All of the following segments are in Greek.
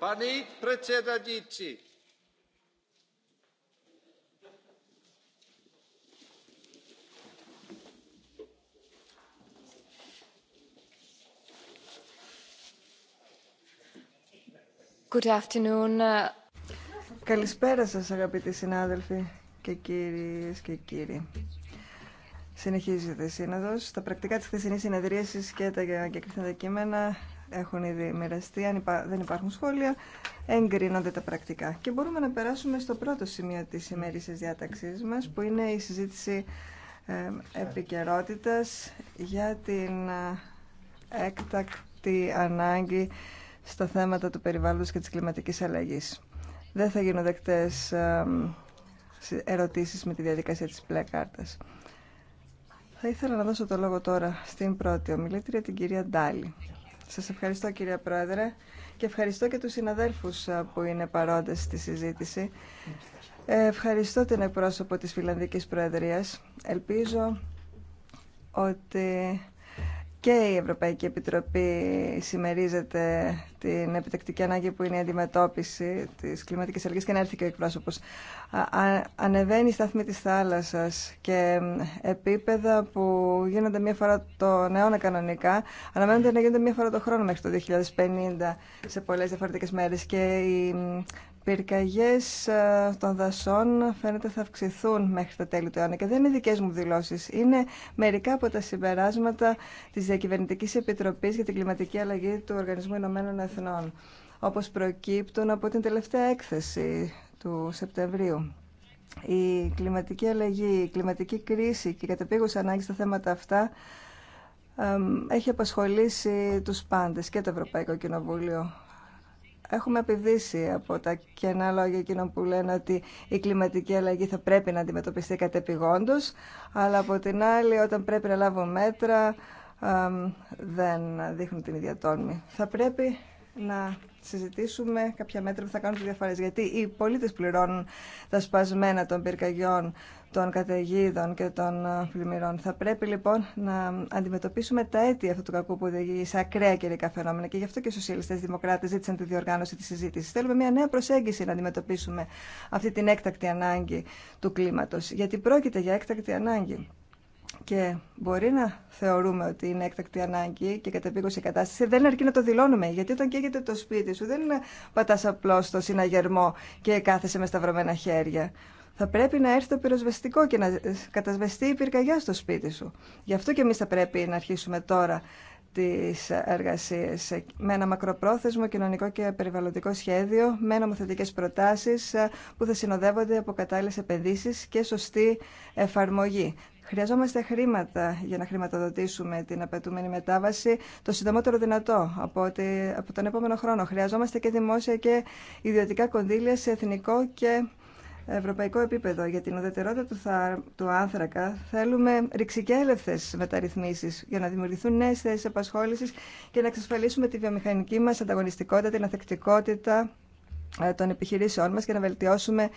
Good uh, Καλησπέρα σας αγαπητοί συνάδελφοι και κύριες και κύριοι. Συνεχίζεται η σύνοδος. Τα πρακτικά της χθεσινής συνεδρίασης και τα εγκεκριθέντα κείμενα έχουν ήδη μοιραστεί. Αν δεν υπάρχουν σχόλια, εγκρίνονται τα πρακτικά. Και μπορούμε να περάσουμε στο πρώτο σημείο της ημέρησης διάταξής μας, που είναι η συζήτηση επικαιρότητα για την ε, έκτακτη ανάγκη στα θέματα του περιβάλλοντος και της κλιματικής αλλαγής. Δεν θα γίνουν δεκτές ερωτήσεις με τη διαδικασία της μπλε Θα ήθελα να δώσω το λόγο τώρα στην πρώτη ομιλήτρια, την κυρία Ντάλη. Σας ευχαριστώ κύριε Πρόεδρε και ευχαριστώ και τους συναδέλφους που είναι παρόντες στη συζήτηση. Ευχαριστώ την εκπρόσωπο της Φιλανδικής Προεδρίας. Ελπίζω ότι και η Ευρωπαϊκή Επιτροπή συμμερίζεται την επιτεκτική ανάγκη που είναι η αντιμετώπιση της κλιματικής αλλαγής και να έρθει και ο εκπρόσωπος. ανεβαίνει η σταθμή της θάλασσας και επίπεδα που γίνονται μία φορά το αιώνα κανονικά αναμένονται να γίνονται μία φορά το χρόνο μέχρι το 2050 σε πολλές διαφορετικές μέρες και η πυρκαγιές ε, των δασών φαίνεται θα αυξηθούν μέχρι τα τέλη του αιώνα και δεν είναι δικές μου δηλώσεις. Είναι μερικά από τα συμπεράσματα της Διακυβερνητικής Επιτροπής για την Κλιματική Αλλαγή του Οργανισμού Ηνωμένων Εθνών, όπως προκύπτουν από την τελευταία έκθεση του Σεπτεμβρίου. Η κλιματική αλλαγή, η κλιματική κρίση και η κατεπίγουσα ανάγκη στα θέματα αυτά έχει απασχολήσει τους πάντες και το Ευρωπαϊκό Κοινοβούλιο έχουμε επιδύσει από τα κενά λόγια εκείνων που λένε ότι η κλιματική αλλαγή θα πρέπει να αντιμετωπιστεί κατεπηγόντως, αλλά από την άλλη όταν πρέπει να λάβω μέτρα δεν δείχνουν την ίδια τόλμη. Θα πρέπει να συζητήσουμε κάποια μέτρα που θα κάνουν τη διαφορά. Γιατί οι πολίτες πληρώνουν τα σπασμένα των πυρκαγιών, των καταιγίδων και των ε, πλημμυρών. Θα πρέπει λοιπόν να αντιμετωπίσουμε τα αίτια αυτού του κακού που οδηγεί σε ακραία καιρικά φαινόμενα και γι' αυτό και οι σοσιαλιστέ δημοκράτε ζήτησαν τη διοργάνωση τη συζήτηση. Θέλουμε μια νέα προσέγγιση να αντιμετωπίσουμε αυτή την έκτακτη ανάγκη του κλίματο. Γιατί πρόκειται για έκτακτη ανάγκη. Και μπορεί να θεωρούμε ότι είναι έκτακτη ανάγκη και κατεπίγουση κατάσταση. Δεν αρκεί να το δηλώνουμε. Γιατί όταν καίγεται το σπίτι σου, δεν πατά απλώ στο συναγερμό και κάθεσαι με σταυρωμένα χέρια θα πρέπει να έρθει το πυροσβεστικό και να κατασβεστεί η πυρκαγιά στο σπίτι σου. Γι' αυτό και εμεί θα πρέπει να αρχίσουμε τώρα τι εργασίε. με ένα μακροπρόθεσμο κοινωνικό και περιβαλλοντικό σχέδιο, με νομοθετικέ προτάσει ε, που θα συνοδεύονται από κατάλληλε επενδύσει και σωστή εφαρμογή. Χρειαζόμαστε χρήματα για να χρηματοδοτήσουμε την απαιτούμενη μετάβαση το συντομότερο δυνατό από, από τον επόμενο χρόνο. Χρειαζόμαστε και δημόσια και ιδιωτικά κονδύλια σε εθνικό και ευρωπαϊκό επίπεδο. Για την ουδετερότητα του, θα, άνθρακα θέλουμε ρηξικέλευθες μεταρρυθμίσεις για να δημιουργηθούν νέες θέσεις απασχόλησης και να εξασφαλίσουμε τη βιομηχανική μας ανταγωνιστικότητα, την αθεκτικότητα ε, των επιχειρήσεών μας και να βελτιώσουμε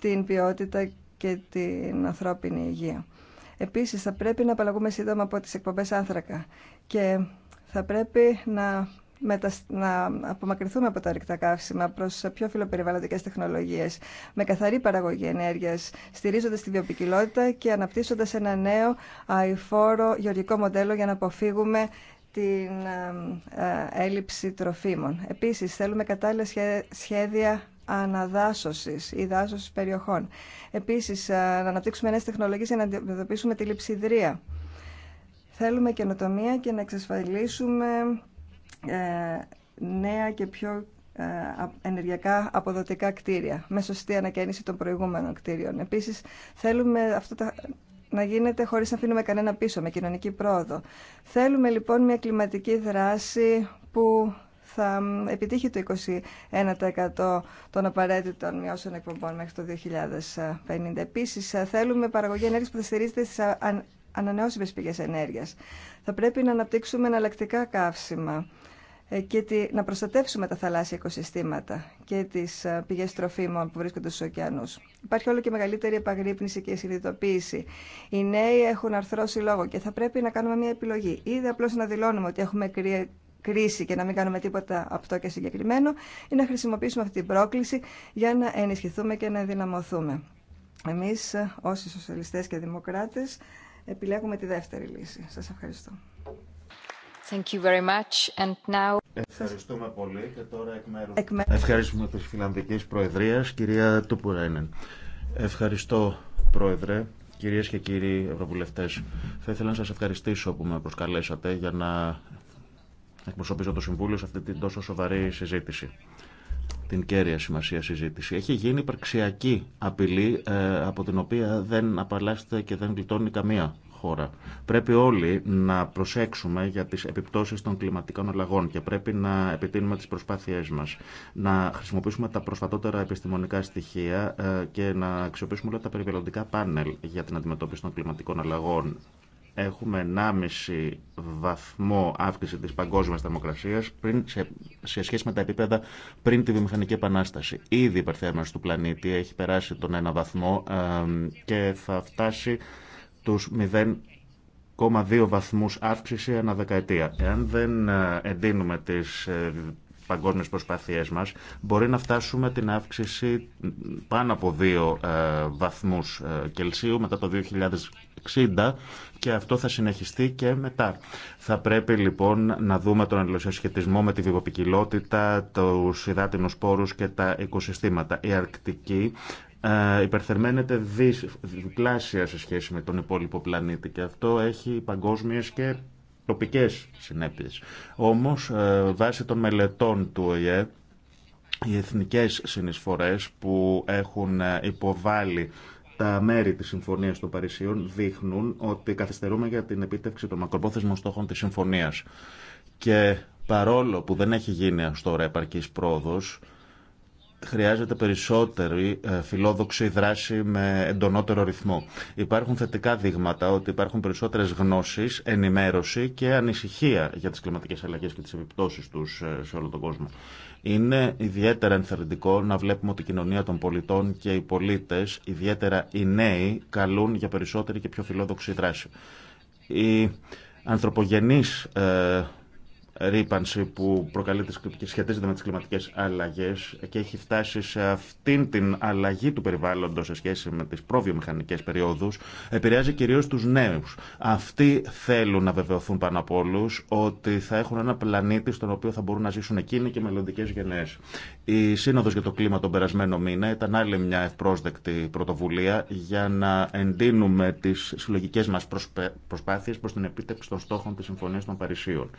την ποιότητα και την ανθρώπινη υγεία. Επίσης, θα πρέπει να απαλλαγούμε σύντομα από τις εκπομπές άνθρακα και θα πρέπει να μετα... να απομακρυνθούμε από τα ρηκτά καύσιμα προς πιο φιλοπεριβαλλοντικέ τεχνολογίε με καθαρή παραγωγή ενέργεια, στηρίζοντα τη βιοπικιλότητα και αναπτύσσοντας ένα νέο αηφόρο γεωργικό μοντέλο για να αποφύγουμε την ε, ε, έλλειψη τροφίμων. Επίση, θέλουμε κατάλληλα σχέδια αναδάσωσης ή δάσωση περιοχών. Επίσης, ε, να αναπτύξουμε νέε τεχνολογίε για να αντιμετωπίσουμε τη λειψιδρία. Θέλουμε καινοτομία και να εξασφαλίσουμε ε, νέα και πιο ε, ενεργειακά αποδοτικά κτίρια με σωστή ανακαίνιση των προηγούμενων κτίριων. Επίσης θέλουμε αυτό να γίνεται χωρίς να αφήνουμε κανένα πίσω, με κοινωνική πρόοδο. Θέλουμε λοιπόν μια κλιματική δράση που θα επιτύχει το 21% των απαραίτητων μειώσεων εκπομπών μέχρι το 2050. Επίσης, ε, θέλουμε παραγωγή ενέργειας που θα στηρίζεται στις ανανεώσιμες πηγές ενέργειας. Θα πρέπει να αναπτύξουμε εναλλακτικά καύσιμα ε, και να προστατεύσουμε τα θαλάσσια οικοσυστήματα και τι ε, πηγέ τροφίμων που βρίσκονται στου ωκεανού. Υπάρχει όλο και μεγαλύτερη επαγρύπνηση και συνειδητοποίηση. Οι νέοι έχουν αρθρώσει λόγο και θα πρέπει να κάνουμε μια επιλογή. Ήδη απλώ να δηλώνουμε ότι έχουμε κρίση και να μην κάνουμε τίποτα αυτό και συγκεκριμένο ή να χρησιμοποιήσουμε αυτή την πρόκληση για να ενισχυθούμε και να ενδυναμωθούμε. Εμείς ε, όσοι σοσιαλιστές και δημοκράτες επιλέγουμε τη δεύτερη λύση. Σας ευχαριστώ. Ευχαριστούμε πολύ και τώρα εκ μέρους... Εκ... Ευχαριστούμε της Φιλανδικής Προεδρίας, κυρία Τουπουρένεν. Ευχαριστώ, Πρόεδρε. Κυρίες και κύριοι Ευρωβουλευτές, θα ήθελα να σας ευχαριστήσω που με προσκαλέσατε για να εκπροσωπήσω το Συμβούλιο σε αυτή την τόσο σοβαρή συζήτηση την κέρια σημασία συζήτηση. Έχει γίνει υπαρξιακή απειλή ε, από την οποία δεν απαλλάσσεται και δεν γλιτώνει καμία χώρα. Πρέπει όλοι να προσέξουμε για τις επιπτώσεις των κλιματικών αλλαγών και πρέπει να επιτείνουμε τις προσπάθειές μας. Να χρησιμοποιήσουμε τα προσφατότερα επιστημονικά στοιχεία ε, και να αξιοποιήσουμε όλα τα περιβαλλοντικά πάνελ για την αντιμετώπιση των κλιματικών αλλαγών έχουμε 1,5 βαθμό αύξηση της παγκόσμιας θερμοκρασίας σε, σχέση με τα επίπεδα πριν τη βιομηχανική επανάσταση. Ήδη η υπερθέρμανση του πλανήτη έχει περάσει τον 1 βαθμό ε, και θα φτάσει τους 0,2 βαθμούς αύξηση ανά δεκαετία. Εάν δεν ε, εντείνουμε τις ε, παγκόσμιες προσπάθειές μας, μπορεί να φτάσουμε την αύξηση πάνω από 2 ε, βαθμούς Κελσίου μετά το 2060 και αυτό θα συνεχιστεί και μετά. Θα πρέπει λοιπόν να δούμε τον αλληλοσχετισμό με τη βιοποικιλότητα, τους υδάτινους πόρους και τα οικοσυστήματα. Η Αρκτική ε, υπερθερμαίνεται διπλάσια σε σχέση με τον υπόλοιπο πλανήτη και αυτό έχει παγκόσμιες και τοπικές συνέπειες. Όμως, ε, βάσει των μελετών του ΟΗΕ, οι εθνικές συνεισφορές που έχουν ε, υποβάλει τα μέρη της Συμφωνίας των Παρισίων δείχνουν ότι καθυστερούμε για την επίτευξη των μακροπόθεσμων στόχων της Συμφωνίας. Και παρόλο που δεν έχει γίνει ως τώρα επαρκής πρόοδος, χρειάζεται περισσότερη ε, φιλόδοξη δράση με εντονότερο ρυθμό. Υπάρχουν θετικά δείγματα ότι υπάρχουν περισσότερε γνώσει, ενημέρωση και ανησυχία για τι κλιματικέ αλλαγέ και τι επιπτώσει του ε, σε όλο τον κόσμο. Είναι ιδιαίτερα ενθαρρυντικό να βλέπουμε ότι η κοινωνία των πολιτών και οι πολίτε, ιδιαίτερα οι νέοι, καλούν για περισσότερη και πιο φιλόδοξη δράση. Οι ανθρωπογενείς ε, ρήπανση που προκαλείται, σχετίζεται με τις κλιματικές αλλαγές και έχει φτάσει σε αυτήν την αλλαγή του περιβάλλοντος σε σχέση με τις προβιομηχανικές περιόδους, επηρεάζει κυρίως τους νέους. Αυτοί θέλουν να βεβαιωθούν πάνω από όλου ότι θα έχουν ένα πλανήτη στον οποίο θα μπορούν να ζήσουν εκείνοι και μελλοντικέ γενναίες. Η Σύνοδος για το Κλίμα τον περασμένο μήνα ήταν άλλη μια ευπρόσδεκτη πρωτοβουλία για να εντείνουμε τις συλλογικές μας προσπάθειες προς την επίτευξη των στόχων της Συμφωνίας των Παρισίων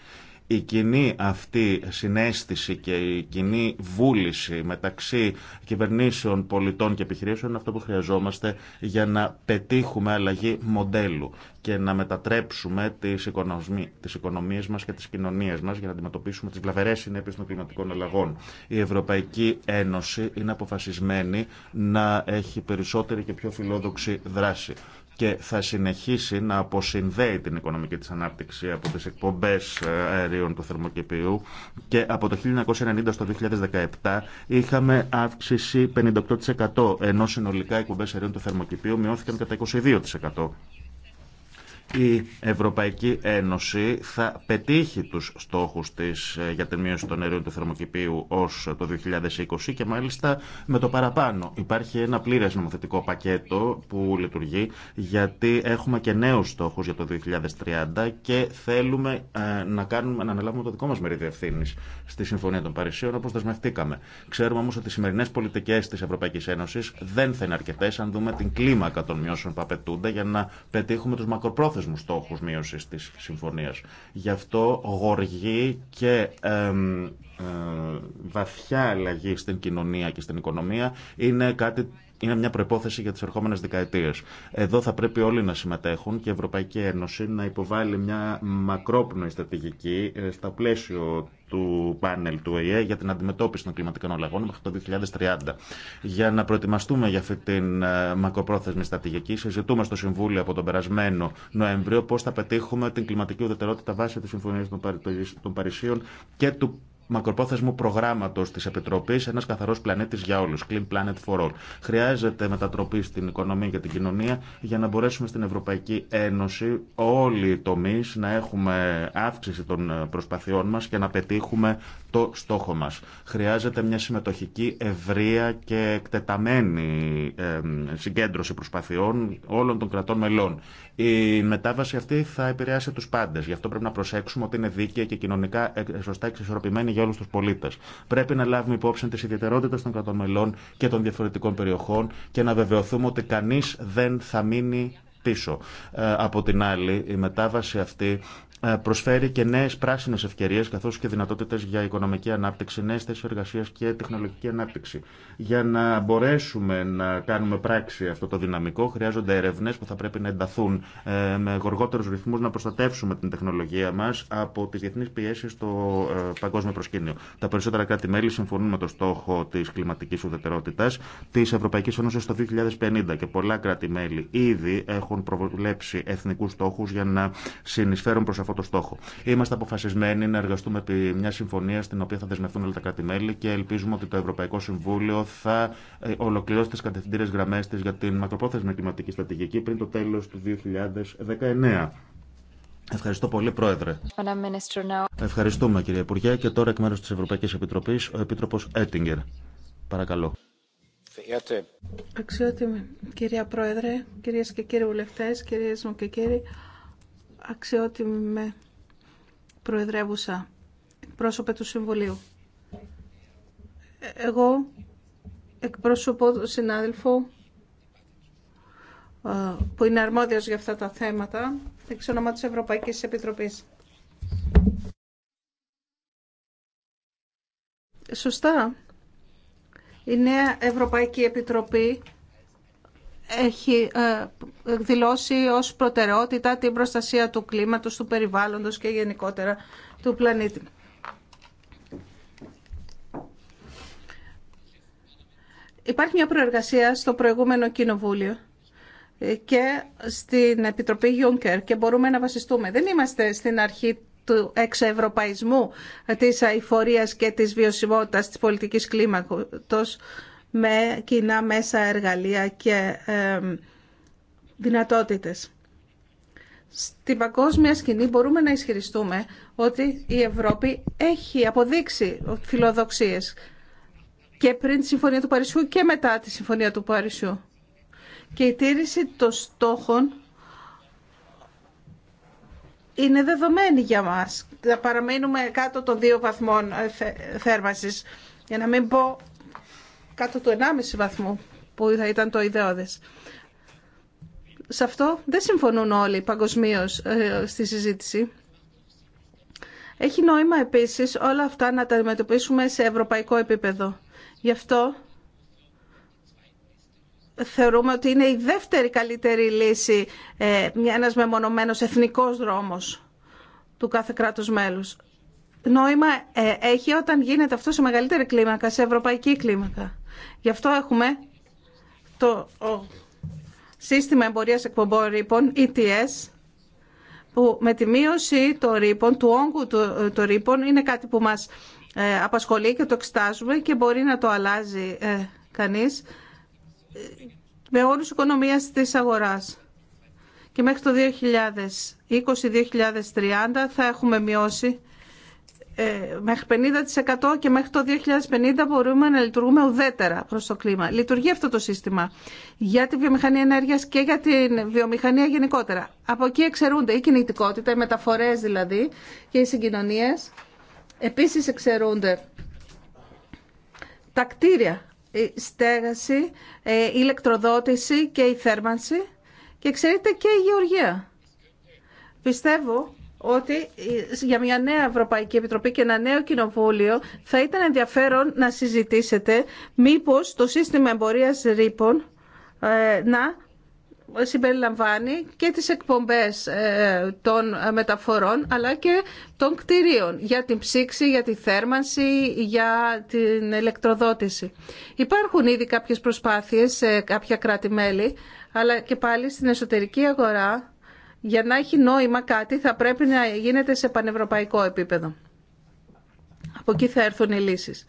η κοινή αυτή συνέστηση και η κοινή βούληση μεταξύ κυβερνήσεων, πολιτών και επιχειρήσεων είναι αυτό που χρειαζόμαστε για να πετύχουμε αλλαγή μοντέλου και να μετατρέψουμε τις, οικονομί, τις οικονομίες μας και τις κοινωνίες μας για να αντιμετωπίσουμε τις βλαβερές συνέπειες των κλιματικών αλλαγών. Η Ευρωπαϊκή Ένωση είναι αποφασισμένη να έχει περισσότερη και πιο φιλόδοξη δράση και θα συνεχίσει να αποσυνδέει την οικονομική της ανάπτυξη από τις εκπομπές ε, αερίων του θερμοκηπίου και από το 1990 στο 2017 είχαμε αύξηση 58% ενώ συνολικά οι εκπομπές αερίων του θερμοκηπίου μειώθηκαν κατά 22% η Ευρωπαϊκή Ένωση θα πετύχει τους στόχους της ε, για την μείωση των αερίων του θερμοκηπίου ως ε, το 2020 και μάλιστα με το παραπάνω. Υπάρχει ένα πλήρες νομοθετικό πακέτο που λειτουργεί γιατί έχουμε και νέους στόχους για το 2030 και θέλουμε ε, να, κάνουμε, να αναλάβουμε το δικό μας μερίδιο ευθύνη στη Συμφωνία των Παρισίων όπως δεσμευτήκαμε. Ξέρουμε όμως ότι οι σημερινές πολιτικές της Ευρωπαϊκής Ένωσης δεν θα είναι αρκετές αν δούμε την κλίμακα των μειώσεων που απαιτούνται για να πετύχουμε τους μακροπρόθεσμους μου στόχου μείωση τη συμφωνία. Γι' αυτό γοργή και ε, βαθιά αλλαγή στην κοινωνία και στην οικονομία είναι κάτι είναι μια προπόθεση για τι ερχόμενε δεκαετίε. Εδώ θα πρέπει όλοι να συμμετέχουν και η Ευρωπαϊκή Ένωση να υποβάλει μια μακρόπνοη στρατηγική ε, στα πλαίσιο του πάνελ του ΟΗΕ για την αντιμετώπιση των κλιματικών αλλαγών μέχρι το 2030. Για να προετοιμαστούμε για αυτή την ε, μακροπρόθεσμη στρατηγική, συζητούμε στο Συμβούλιο από τον περασμένο Νοέμβριο πώ θα πετύχουμε την κλιματική ουδετερότητα βάσει τη Συμφωνία των Παρισίων και του μακροπρόθεσμου προγράμματο τη Επιτροπή Ένα καθαρό πλανήτη για όλου, Clean Planet for All. Χρειάζεται μετατροπή στην οικονομία και την κοινωνία για να μπορέσουμε στην Ευρωπαϊκή Ένωση όλοι οι τομεί να έχουμε αύξηση των προσπαθειών μα και να πετύχουμε το στόχο μας. Χρειάζεται μια συμμετοχική, ευρεία και εκτεταμένη συγκέντρωση προσπαθειών όλων των κρατών μελών. Η μετάβαση αυτή θα επηρεάσει τους πάντες. Γι' αυτό πρέπει να προσέξουμε ότι είναι δίκαια και κοινωνικά ε, σωστά εξισορροπημένη για όλους τους πολίτες. Πρέπει να λάβουμε υπόψη τις ιδιαιτερότητες των κρατών μελών και των διαφορετικών περιοχών και να βεβαιωθούμε ότι κανείς δεν θα μείνει πίσω. Ε, από την άλλη, η μετάβαση αυτή ε, προσφέρει και νέε πράσινε ευκαιρίε καθώ και δυνατότητε για οικονομική ανάπτυξη, νέε θέσει εργασία και τεχνολογική ανάπτυξη. Για να μπορέσουμε να κάνουμε πράξη αυτό το δυναμικό, χρειάζονται ερευνέ που θα πρέπει να ενταθούν ε, με γοργότερου ρυθμού να προστατεύσουμε την τεχνολογία μα από τι διεθνεί πιέσει στο ε, παγκόσμιο προσκήνιο. Τα περισσότερα κράτη-μέλη συμφωνούν με το στόχο τη κλιματική ουδετερότητα τη Ευρωπαϊκή Ένωση το 2050 και πολλά κράτη-μέλη ήδη έχουν προβλέψει εθνικού στόχου για να συνεισφέρουν προ το στόχο. Είμαστε αποφασισμένοι να εργαστούμε επί μια συμφωνία στην οποία θα δεσμευτούν όλα τα κράτη-μέλη και ελπίζουμε ότι το Ευρωπαϊκό Συμβούλιο θα ε, ολοκληρώσει τι κατευθυντήρε γραμμέ τη για την μακροπρόθεσμη κλιματική στρατηγική πριν το τέλο του 2019. Ευχαριστώ πολύ, Πρόεδρε. Ευχαριστούμε, κύριε Υπουργέ. Και τώρα εκ μέρου τη Ευρωπαϊκή Επιτροπή, ο Επίτροπο Έτιγκερ. Παρακαλώ. Αξιότιμη κυρία Πρόεδρε, κυρίε και κύριοι βουλευτέ, κύριε και κύριοι, αξιότιμη προεδρεύουσα πρόσωπε του Συμβουλίου. Ε, εγώ εκπρόσωπο τον συνάδελφο ε, που είναι αρμόδιος για αυτά τα θέματα εξ ονόμα της Ευρωπαϊκής Επιτροπής. Σωστά. Η νέα Ευρωπαϊκή Επιτροπή έχει ε, δηλώσει ως προτεραιότητα την προστασία του κλίματος, του περιβάλλοντος και γενικότερα του πλανήτη. Υπάρχει μια προεργασία στο προηγούμενο κοινοβούλιο και στην Επιτροπή Juncker και μπορούμε να βασιστούμε. Δεν είμαστε στην αρχή του εξευρωπαϊσμού της αηφορίας και της βιωσιμότητας της πολιτικής κλίματος με κοινά μέσα εργαλεία και δυνατότητες. Στην παγκόσμια σκηνή μπορούμε να ισχυριστούμε ότι η Ευρώπη έχει αποδείξει φιλοδοξίες και πριν τη Συμφωνία του Παρισιού και μετά τη Συμφωνία του Παρισιού. Και η τήρηση των στόχων είναι δεδομένη για μας. Θα παραμείνουμε κάτω των δύο βαθμών ε, θέρμασης, για να μην πω κάτω του 1,5 βαθμού που θα ήταν το ιδεώδες. Σε αυτό δεν συμφωνούν όλοι παγκοσμίω ε, στη συζήτηση. Έχει νόημα επίσης όλα αυτά να τα αντιμετωπίσουμε σε ευρωπαϊκό επίπεδο. Γι' αυτό θεωρούμε ότι είναι η δεύτερη καλύτερη λύση ε, ένας μεμονωμένος εθνικός δρόμος του κάθε κράτους μέλους. Νόημα ε, έχει όταν γίνεται αυτό σε μεγαλύτερη κλίμακα, σε ευρωπαϊκή κλίμακα. Γι' αυτό έχουμε το σύστημα εμπορίας εκπομπών ρήπων, ETS, που με τη μείωση των ρήπων, του όγκου των ρήπων, είναι κάτι που μας ε, απασχολεί και το εξετάζουμε και μπορεί να το αλλάζει ε, κανείς με όρους οικονομίας της αγοράς. Και μέχρι το 2020-2030 θα έχουμε μειώσει ε, μέχρι 50% και μέχρι το 2050 μπορούμε να λειτουργούμε ουδέτερα προς το κλίμα. Λειτουργεί αυτό το σύστημα για τη βιομηχανία ενέργειας και για τη βιομηχανία γενικότερα. Από εκεί εξαιρούνται η κινητικότητα, οι μεταφορές δηλαδή και οι συγκοινωνίες. Επίσης εξαιρούνται τα κτίρια, η στέγαση, ε, η ηλεκτροδότηση και η θέρμανση και εξαιρείται και η γεωργία. Πιστεύω ότι για μια νέα Ευρωπαϊκή Επιτροπή και ένα νέο Κοινοβούλιο θα ήταν ενδιαφέρον να συζητήσετε μήπως το σύστημα εμπορίας ρήπων ε, να συμπεριλαμβάνει και τις εκπομπές ε, των μεταφορών αλλά και των κτηρίων για την ψήξη, για τη θέρμανση, για την ηλεκτροδότηση. Υπάρχουν ήδη κάποιες προσπάθειες σε κάποια κράτη-μέλη αλλά και πάλι στην εσωτερική αγορά για να έχει νόημα κάτι θα πρέπει να γίνεται σε πανευρωπαϊκό επίπεδο. Από εκεί θα έρθουν οι λύσεις.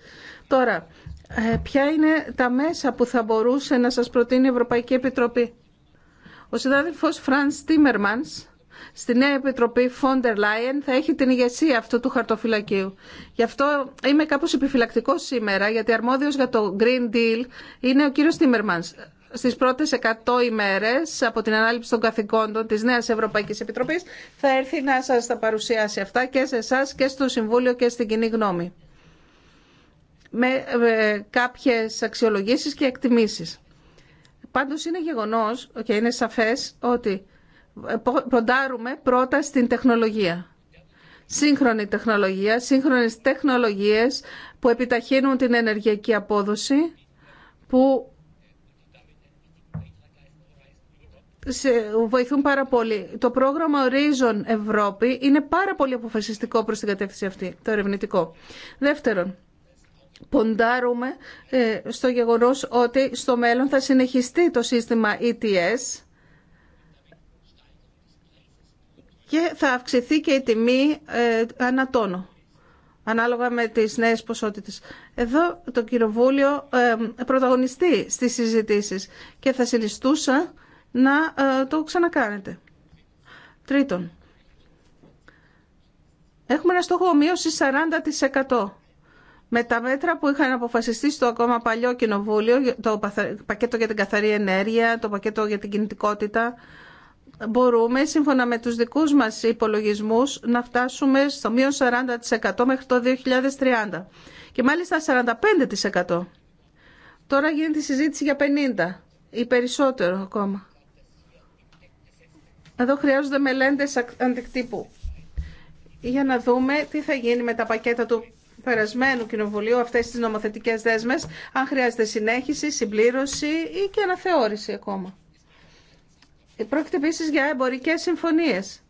Τώρα, ε, ποια είναι τα μέσα που θα μπορούσε να σας προτείνει η Ευρωπαϊκή Επιτροπή. Ο συνάδελφος Φρανς Τίμερμανς στη νέα Επιτροπή Φόντερ Λάιεν θα έχει την ηγεσία αυτού του χαρτοφυλακίου. Γι' αυτό είμαι κάπως επιφυλακτικός σήμερα, γιατί αρμόδιος για το Green Deal είναι ο κύριος Τίμερμανς. Στι πρώτε 100 ημέρε από την ανάληψη των καθηκόντων τη Νέα Ευρωπαϊκή Επιτροπή θα έρθει να σα τα παρουσιάσει αυτά και σε εσά και στο Συμβούλιο και στην κοινή γνώμη με ε, κάποιε αξιολογήσει και εκτιμήσει. Πάντω είναι γεγονό και είναι σαφέ ότι ε, ποντάρουμε πρώτα στην τεχνολογία. Σύγχρονη τεχνολογία, σύγχρονες τεχνολογίες που επιταχύνουν την ενεργειακή απόδοση, που σε βοηθούν πάρα πολύ. Το πρόγραμμα Horizon Ευρώπη είναι πάρα πολύ αποφασιστικό προς την κατεύθυνση αυτή, το ερευνητικό. Δεύτερον, ποντάρουμε ε, στο γεγονός ότι στο μέλλον θα συνεχιστεί το σύστημα ETS και θα αυξηθεί και η τιμή ε, ανά ανάλογα με τις νέες ποσότητες. Εδώ το Κοινοβούλιο ε, πρωταγωνιστεί στις συζητήσεις και θα συνιστούσα να ε, το ξανακάνετε. Τρίτον, έχουμε ένα στόχο μείωση 40% με τα μέτρα που είχαν αποφασιστεί στο ακόμα παλιό κοινοβούλιο, το πακέτο για την καθαρή ενέργεια, το πακέτο για την κινητικότητα, μπορούμε σύμφωνα με τους δικούς μας υπολογισμούς να φτάσουμε στο μείον 40% μέχρι το 2030 και μάλιστα 45%. Τώρα γίνεται η συζήτηση για 50% ή περισσότερο ακόμα. Εδώ χρειάζονται μελέντες αντικτύπου για να δούμε τι θα γίνει με τα πακέτα του περασμένου κοινοβουλίου, αυτές τις νομοθετικές δέσμε. αν χρειάζεται συνέχιση, συμπλήρωση ή και αναθεώρηση ακόμα. Πρόκειται επίση για εμπορικές συμφωνίες.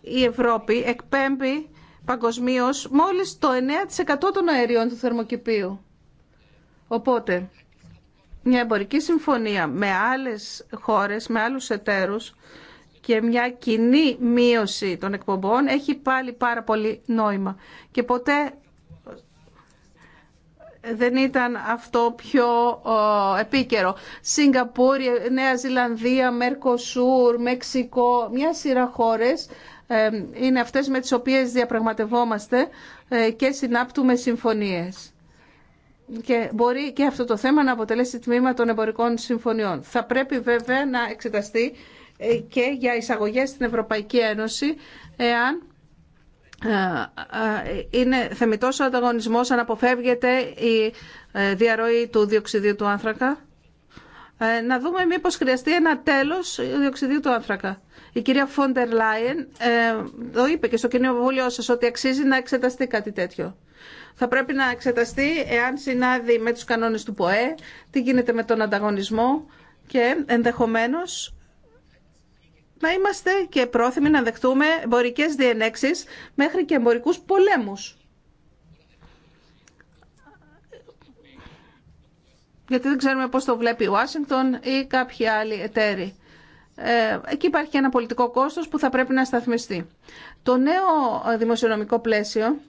Η Ευρώπη εκπέμπει παγκοσμίω μόλις το 9% των αερίων του θερμοκηπίου. Οπότε, μια εμπορική συμφωνία με άλλες χώρες, με άλλους εταίρους, και μια κοινή μείωση των εκπομπών έχει πάλι πάρα πολύ νόημα. Και ποτέ δεν ήταν αυτό πιο επίκαιρο. Σιγκαπούρη, Νέα Ζηλανδία, Μερκοσούρ, Μεξικό, μια σειρά χώρες είναι αυτές με τις οποίες διαπραγματευόμαστε ε, και συνάπτουμε συμφωνίες. Και μπορεί και αυτό το θέμα να αποτελέσει τμήμα των εμπορικών συμφωνιών. Θα πρέπει βέβαια να εξεταστεί ε, και για εισαγωγές στην Ευρωπαϊκή Ένωση εάν ε, ε, είναι θεμητός ο ανταγωνισμός αν αποφεύγεται η διαρροή του διοξιδίου του άνθρακα. Να δούμε μήπως χρειαστεί ένα τέλος διοξιδίου του άνθρακα. Η κυρία Φόντερ Λάιεν το είπε και στο κοινοβούλιο σας ότι αξίζει να εξεταστεί κάτι τέτοιο. Θα πρέπει να εξεταστεί εάν συνάδει με τους κανόνες του ΠΟΕ, τι γίνεται με τον ανταγωνισμό και ενδεχομένως να είμαστε και πρόθυμοι να δεχτούμε εμπορικέ διενέξεις μέχρι και εμπορικού πολέμους. Γιατί δεν ξέρουμε πώς το βλέπει η Ουάσιγκτον ή κάποιοι άλλοι εταίροι. Ε, εκεί υπάρχει ένα πολιτικό κόστος που θα πρέπει να σταθμιστεί. Το νέο δημοσιονομικό πλαίσιο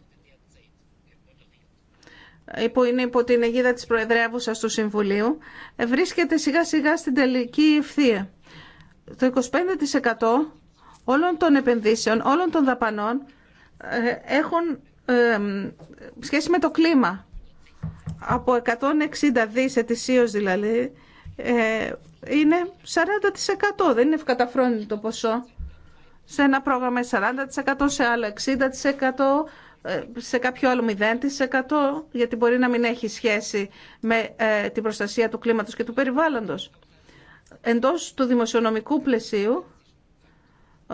που είναι υπό την αιγίδα της Προεδρεύουσας του Συμβουλίου, βρίσκεται σιγά σιγά στην τελική ευθεία το 25% όλων των επενδύσεων, όλων των δαπανών ε, έχουν ε, σχέση με το κλίμα. Από 160 δις ετησίως δηλαδή, ε, είναι 40%. Δεν είναι ευκαταφρόνητο ποσό. Σε ένα πρόγραμμα 40%, σε άλλο 60%, σε κάποιο άλλο 0%, γιατί μπορεί να μην έχει σχέση με την προστασία του κλίματος και του περιβάλλοντος εντός του δημοσιονομικού πλαισίου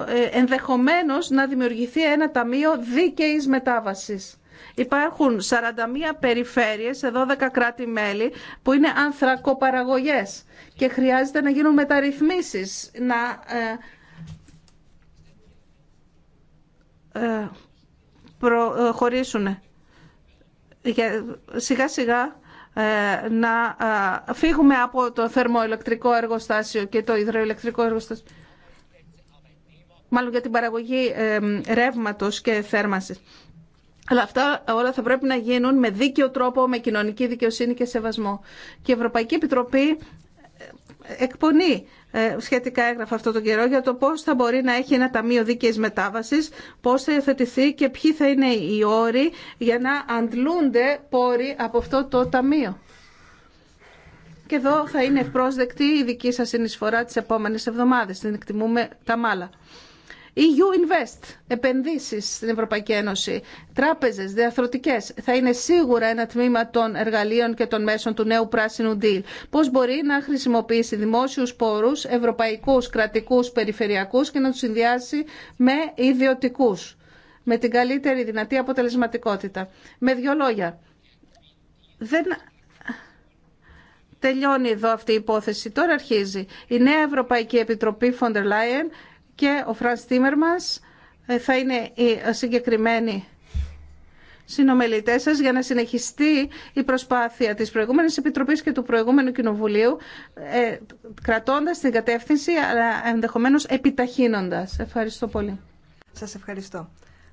ε, ενδεχομένως να δημιουργηθεί ένα ταμείο δίκαιης μετάβασης. Υπάρχουν 41 περιφέρειες σε 12 κράτη-μέλη που είναι ανθρακοπαραγωγές και χρειάζεται να γίνουν μεταρρυθμίσεις, να ε, ε, προχωρήσουν. Σιγά-σιγά ε, να ε, φύγουμε από το θερμοελεκτρικό εργοστάσιο και το υδροελεκτρικό εργοστάσιο. Μάλλον για την παραγωγή ε, ρεύματος και θέρμανσης. Αλλά αυτά όλα θα πρέπει να γίνουν με δίκαιο τρόπο, με κοινωνική δικαιοσύνη και σεβασμό. Και η Ευρωπαϊκή Επιτροπή εκπονεί ε, σχετικά έγραφα αυτό τον καιρό για το πώς θα μπορεί να έχει ένα ταμείο δίκαιης μετάβασης, πώς θα υιοθετηθεί και ποιοι θα είναι οι όροι για να αντλούνται πόροι από αυτό το ταμείο. Και εδώ θα είναι ευπρόσδεκτη η δική σας συνεισφορά τις επόμενες εβδομάδες. Την εκτιμούμε τα μάλα. EU Invest, επενδύσεις στην Ευρωπαϊκή Ένωση, τράπεζες, διαθροτικές, θα είναι σίγουρα ένα τμήμα των εργαλείων και των μέσων του νέου πράσινου deal. Πώς μπορεί να χρησιμοποιήσει δημόσιου πόρους, ευρωπαϊκούς, κρατικούς, περιφερειακούς και να τους συνδυάσει με ιδιωτικούς με την καλύτερη δυνατή αποτελεσματικότητα. Με δύο λόγια, δεν τελειώνει εδώ αυτή η υπόθεση. Τώρα αρχίζει. Η νέα Ευρωπαϊκή Επιτροπή Φοντερ Λάιεν και ο Φρανς Τίμερμας θα είναι οι συγκεκριμένοι συνομιλητές σας για να συνεχιστεί η προσπάθεια της προηγούμενης Επιτροπής και του προηγούμενου Κοινοβουλίου ε, κρατώντας την κατεύθυνση αλλά ενδεχομένως επιταχύνοντας. Ευχαριστώ πολύ. Σας ευχαριστώ.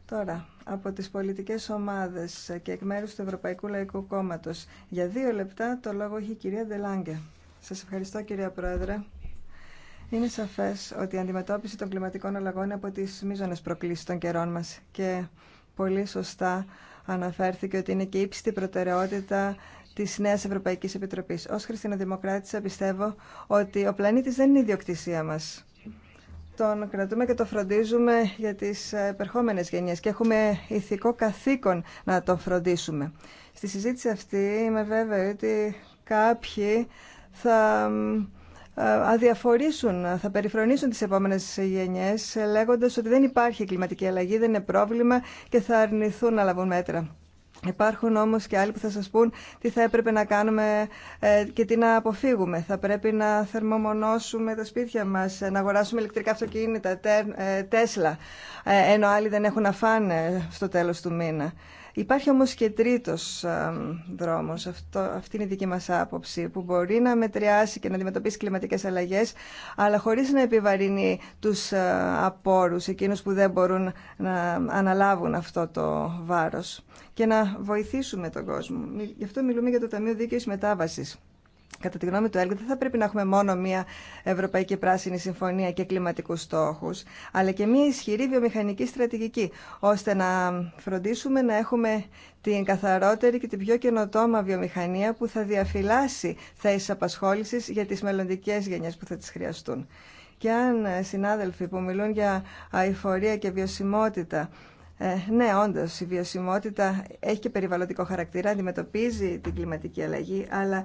Τώρα, από τις πολιτικές ομάδες και εκ μέρους του Ευρωπαϊκού Λαϊκού Κόμματος, για δύο λεπτά το λόγο έχει η κυρία Ντελάνγκε. Σας ευχαριστώ κυρία Πρόεδρε. Είναι σαφέ ότι η αντιμετώπιση των κλιματικών αλλαγών είναι από τι μείζονε προκλήσει των καιρών μα. και πολύ σωστά αναφέρθηκε ότι είναι και ύψιστη προτεραιότητα τη Νέα Ευρωπαϊκή Επιτροπή. Ω Χριστιανοδημοκράτησα, πιστεύω ότι ο πλανήτη δεν είναι ιδιοκτησία μα. Τον κρατούμε και το φροντίζουμε για τι επερχόμενε γενιέ και έχουμε ηθικό καθήκον να τον φροντίσουμε. Στη συζήτηση αυτή είμαι βέβαιη ότι κάποιοι θα ε, αδιαφορήσουν, θα περιφρονήσουν τις επόμενες γενιές ε, λέγοντας ότι δεν υπάρχει κλιματική αλλαγή, δεν είναι πρόβλημα και θα αρνηθούν να λάβουν μέτρα. Υπάρχουν όμως και άλλοι που θα σας πούν τι θα έπρεπε να κάνουμε ε, και τι να αποφύγουμε. Θα πρέπει να θερμομονώσουμε τα σπίτια μας, να αγοράσουμε ηλεκτρικά αυτοκίνητα, τέσλα, ενώ άλλοι δεν έχουν να φάνε στο τέλος του μήνα. Υπάρχει όμως και τρίτος δρόμος, αυτό, αυτή είναι η δική μας άποψη, που μπορεί να μετριάσει και να αντιμετωπίσει κλιματικές αλλαγές, αλλά χωρίς να επιβαρύνει τους ε, απόρους, εκείνους που δεν μπορούν να αναλάβουν αυτό το βάρος και να βοηθήσουμε τον κόσμο. Γι' αυτό μιλούμε για το Ταμείο Δίκαιης Μετάβασης κατά τη γνώμη του ΕΛΚ, δεν θα πρέπει να έχουμε μόνο μια Ευρωπαϊκή Πράσινη Συμφωνία και κλιματικού στόχου, αλλά και μια ισχυρή βιομηχανική στρατηγική, ώστε να φροντίσουμε να έχουμε την καθαρότερη και την πιο καινοτόμα βιομηχανία που θα διαφυλάσει θέσει απασχόληση για τι μελλοντικέ γενιέ που θα τι χρειαστούν. Και αν ε, συνάδελφοι που μιλούν για αηφορία και βιωσιμότητα ε, ναι, όντω, η βιωσιμότητα έχει και περιβαλλοντικό χαρακτήρα, αντιμετωπίζει την κλιματική αλλαγή, αλλά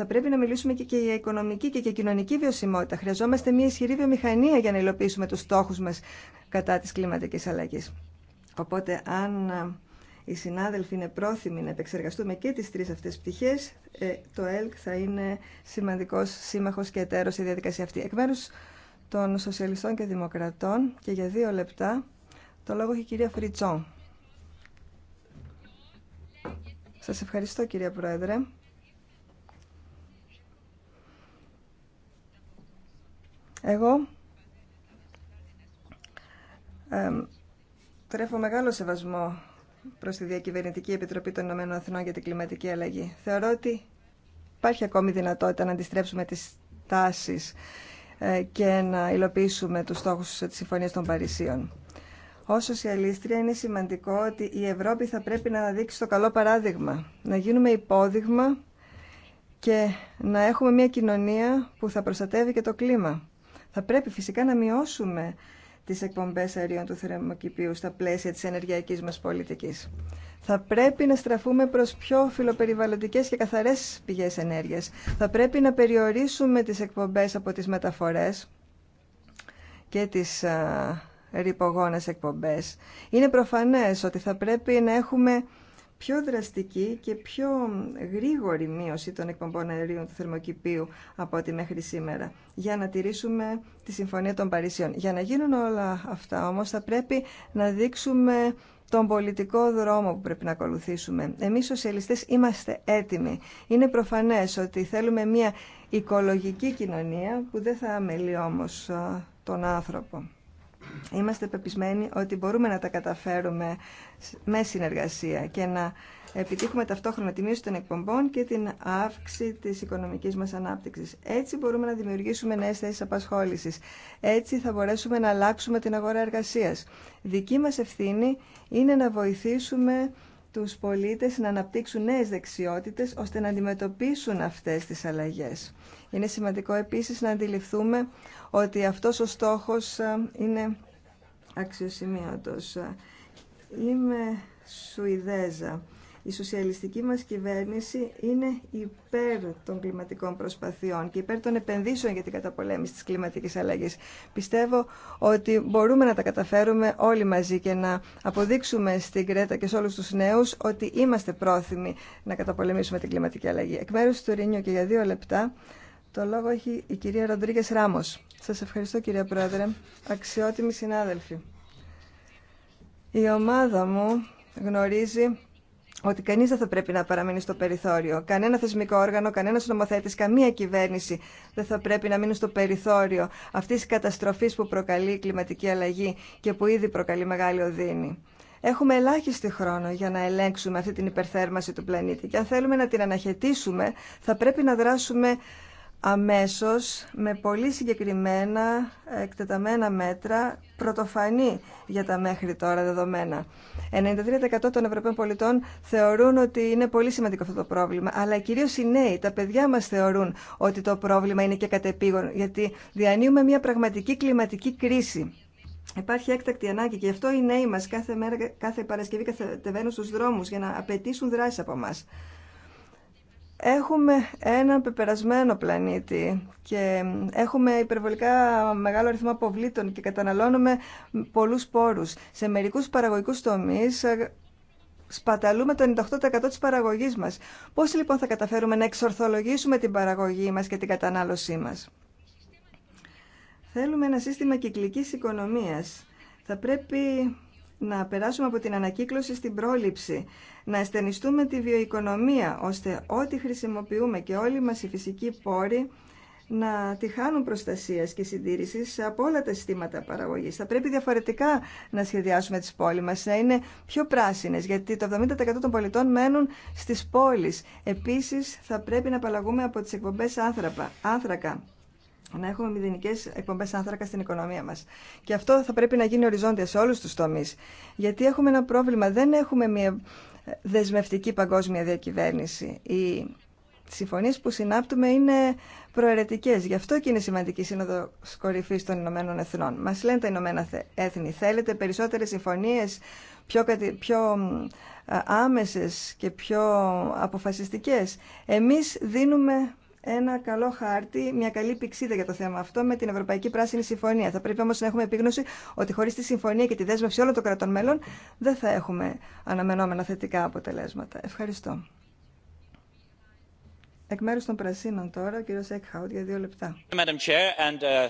θα πρέπει να μιλήσουμε και για οικονομική και και κοινωνική βιωσιμότητα. Χρειαζόμαστε μια ισχυρή βιομηχανία για να υλοποιήσουμε τους στόχους μας κατά της κλιματικής αλλαγής. Οπότε αν ε, οι συνάδελφοι είναι πρόθυμοι να επεξεργαστούμε και τις τρεις αυτές πτυχές, ε, το ΕΛΚ θα είναι σημαντικός σύμμαχος και εταίρος στη διαδικασία αυτή. Εκ μέρους των Σοσιαλιστών και Δημοκρατών και για δύο λεπτά το λόγο έχει η κυρία Φριτσό. Σας ευχαριστώ κυρία Πρόεδρε. Εγώ ε, τρέφω μεγάλο σεβασμό προς τη Διακυβερνητική Επιτροπή των Ηνωμένων Αθηνών για την Κλιματική Αλλαγή. Θεωρώ ότι υπάρχει ακόμη δυνατότητα να αντιστρέψουμε τις τάσεις ε, και να υλοποιήσουμε τους στόχους της Συμφωνίας των Παρισίων. Ω σοσιαλίστρια είναι σημαντικό ότι η Ευρώπη θα πρέπει να δείξει το καλό παράδειγμα, να γίνουμε υπόδειγμα και να έχουμε μια κοινωνία που θα προστατεύει και το κλίμα. Θα πρέπει φυσικά να μειώσουμε τις εκπομπές αερίων του θερμοκηπίου στα πλαίσια της ενεργειακής μας πολιτικής. Θα πρέπει να στραφούμε προς πιο φιλοπεριβαλλοντικές και καθαρές πηγές ενέργειας. Θα πρέπει να περιορίσουμε τις εκπομπές από τις μεταφορές και τις ρηπογόνες εκπομπές. Είναι προφανές ότι θα πρέπει να έχουμε πιο δραστική και πιο γρήγορη μείωση των εκπομπών αερίων του θερμοκηπίου από ό,τι μέχρι σήμερα, για να τηρήσουμε τη Συμφωνία των Παρισιών. Για να γίνουν όλα αυτά όμως θα πρέπει να δείξουμε τον πολιτικό δρόμο που πρέπει να ακολουθήσουμε. Εμείς σοσιαλιστές είμαστε έτοιμοι. Είναι προφανές ότι θέλουμε μια οικολογική κοινωνία που δεν θα αμελεί όμως τον άνθρωπο. Είμαστε πεπισμένοι ότι μπορούμε να τα καταφέρουμε με συνεργασία και να επιτύχουμε ταυτόχρονα τη μείωση των εκπομπών και την αύξηση τη οικονομική μα ανάπτυξη. Έτσι μπορούμε να δημιουργήσουμε νέε θέσει απασχόληση. Έτσι θα μπορέσουμε να αλλάξουμε την αγορά εργασία. Δική μα ευθύνη είναι να βοηθήσουμε τους πολίτες να αναπτύξουν νέες δεξιότητες ώστε να αντιμετωπίσουν αυτές τις αλλαγές. Είναι σημαντικό επίσης να αντιληφθούμε ότι αυτός ο στόχος ε, είναι αξιοσημείωτος. Ε, είμαι Σουηδέζα η σοσιαλιστική μας κυβέρνηση είναι υπέρ των κλιματικών προσπαθειών και υπέρ των επενδύσεων για την καταπολέμηση της κλιματικής αλλαγής. Πιστεύω ότι μπορούμε να τα καταφέρουμε όλοι μαζί και να αποδείξουμε στην Κρέτα και σε όλους τους νέους ότι είμαστε πρόθυμοι να καταπολεμήσουμε την κλιματική αλλαγή. Εκ μέρους του Ρήνιο και για δύο λεπτά το λόγο έχει η κυρία Ροντρίγκε Ράμος. Σας ευχαριστώ κυρία Πρόεδρε, αξιότιμοι συνάδελφοι. Η ομάδα μου γνωρίζει ότι κανεί δεν θα πρέπει να παραμείνει στο περιθώριο. Κανένα θεσμικό όργανο, κανένα νομοθέτη, καμία κυβέρνηση δεν θα πρέπει να μείνει στο περιθώριο αυτή τη καταστροφή που προκαλεί η κλιματική αλλαγή και που ήδη προκαλεί μεγάλη οδύνη. Έχουμε ελάχιστη χρόνο για να ελέγξουμε αυτή την υπερθέρμανση του πλανήτη και αν θέλουμε να την αναχαιτήσουμε θα πρέπει να δράσουμε αμέσως με πολύ συγκεκριμένα εκτεταμένα μέτρα πρωτοφανή για τα μέχρι τώρα δεδομένα. 93% των Ευρωπαίων πολιτών θεωρούν ότι είναι πολύ σημαντικό αυτό το πρόβλημα, αλλά κυρίως οι νέοι, τα παιδιά μας θεωρούν ότι το πρόβλημα είναι και κατεπήγον, γιατί διανύουμε μια πραγματική κλιματική κρίση. Υπάρχει έκτακτη ανάγκη και γι' αυτό οι νέοι μας κάθε, μέρα, κάθε Παρασκευή κατεβαίνουν στους δρόμους για να απαιτήσουν δράση από εμά. Έχουμε ένα πεπερασμένο πλανήτη και έχουμε υπερβολικά μεγάλο αριθμό αποβλήτων και καταναλώνουμε πολλούς πόρους. Σε μερικούς παραγωγικούς τομείς ε, σπαταλούμε το 98% της παραγωγής μας. Πώς λοιπόν θα καταφέρουμε να εξορθολογήσουμε την παραγωγή μας και την κατανάλωσή μας. Θέλουμε ένα σύστημα κυκλικής οικονομίας. Θα πρέπει να περάσουμε από την ανακύκλωση στην πρόληψη, να ασθενιστούμε τη βιοοικονομία, ώστε ό,τι χρησιμοποιούμε και όλοι μας οι φυσικοί πόροι να τη χάνουν προστασίας και συντήρησης από όλα τα συστήματα παραγωγής. Θα πρέπει διαφορετικά να σχεδιάσουμε τις πόλεις μας, να είναι πιο πράσινες, γιατί το 70% των πολιτών μένουν στις πόλεις. Επίσης, θα πρέπει να απαλλαγούμε από τις εκπομπές άνθρακα να έχουμε μηδενικέ εκπομπέ άνθρακα στην οικονομία μα. Και αυτό θα πρέπει να γίνει οριζόντια σε όλου του τομεί. Γιατί έχουμε ένα πρόβλημα. Δεν έχουμε μια δεσμευτική παγκόσμια διακυβέρνηση. Οι συμφωνίε που συνάπτουμε είναι προαιρετικέ. Γι' αυτό και είναι σημαντική η Σύνοδο Κορυφή των Ηνωμένων Εθνών. Μα λένε τα Ηνωμένα Έθνη. Θέλετε περισσότερε συμφωνίε, πιο, πιο ε, άμεσες και πιο αποφασιστικέ. Εμεί δίνουμε ένα καλό χάρτη, μια καλή πηξίδα για το θέμα αυτό με την Ευρωπαϊκή Πράσινη Συμφωνία. Θα πρέπει όμω να έχουμε επίγνωση ότι χωρί τη συμφωνία και τη δέσμευση όλων των κρατών μέλων δεν θα έχουμε αναμενόμενα θετικά αποτελέσματα. Ευχαριστώ. Εκ μέρου των Πρασίνων τώρα, ο κ. Έκχαουτ για δύο λεπτά. Uh,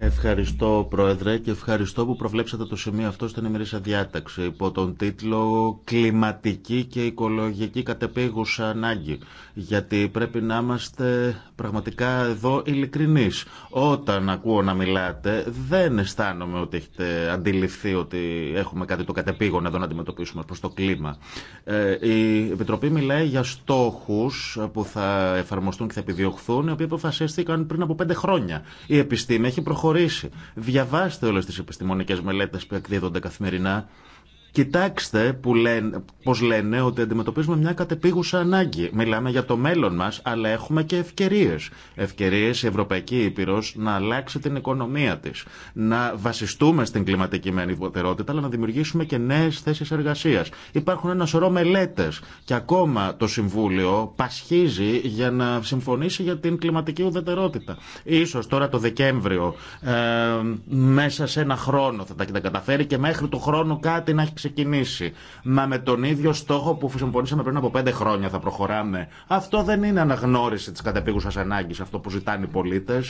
Ευχαριστώ Πρόεδρε και ευχαριστώ που προβλέψατε το σημείο αυτό στην ημερήσια διάταξη υπό τον τίτλο «Κλιματική και οικολογική κατεπήγουσα ανάγκη». Γιατί πρέπει να είμαστε πραγματικά εδώ ειλικρινεί. Όταν ακούω να μιλάτε δεν αισθάνομαι ότι έχετε αντιληφθεί ότι έχουμε κάτι το κατεπήγον εδώ να αντιμετωπίσουμε προς το κλίμα. Ε, η Επιτροπή μιλάει για στόχους που θα εφαρμοστούν και θα επιδιωχθούν οι οποίοι αποφασίστηκαν πριν από πέντε χρόνια επιστήμη έχει προχωρήσει. Διαβάστε όλες τις επιστημονικές μελέτες που εκδίδονται καθημερινά Κοιτάξτε που λένε, πώς λένε ότι αντιμετωπίζουμε μια κατεπίγουσα ανάγκη. Μιλάμε για το μέλλον μας, αλλά έχουμε και ευκαιρίες. Ευκαιρίες η Ευρωπαϊκή Ήπειρος να αλλάξει την οικονομία της, να βασιστούμε στην κλιματική μενιβωτερότητα, αλλά να δημιουργήσουμε και νέες θέσεις εργασίας. Υπάρχουν ένα σωρό μελέτες και ακόμα το Συμβούλιο πασχίζει για να συμφωνήσει για την κλιματική ουδετερότητα. Ίσως τώρα το Δεκέμβριο, ε, μέσα σε ένα χρόνο θα τα καταφέρει και μέχρι το χρόνο κάτι να έχει ξεκινήσει. Μα με τον ίδιο στόχο που συμφωνήσαμε πριν από πέντε χρόνια θα προχωράμε. Αυτό δεν είναι αναγνώριση τη κατεπίγουσα ανάγκη, αυτό που ζητάνε οι πολίτε.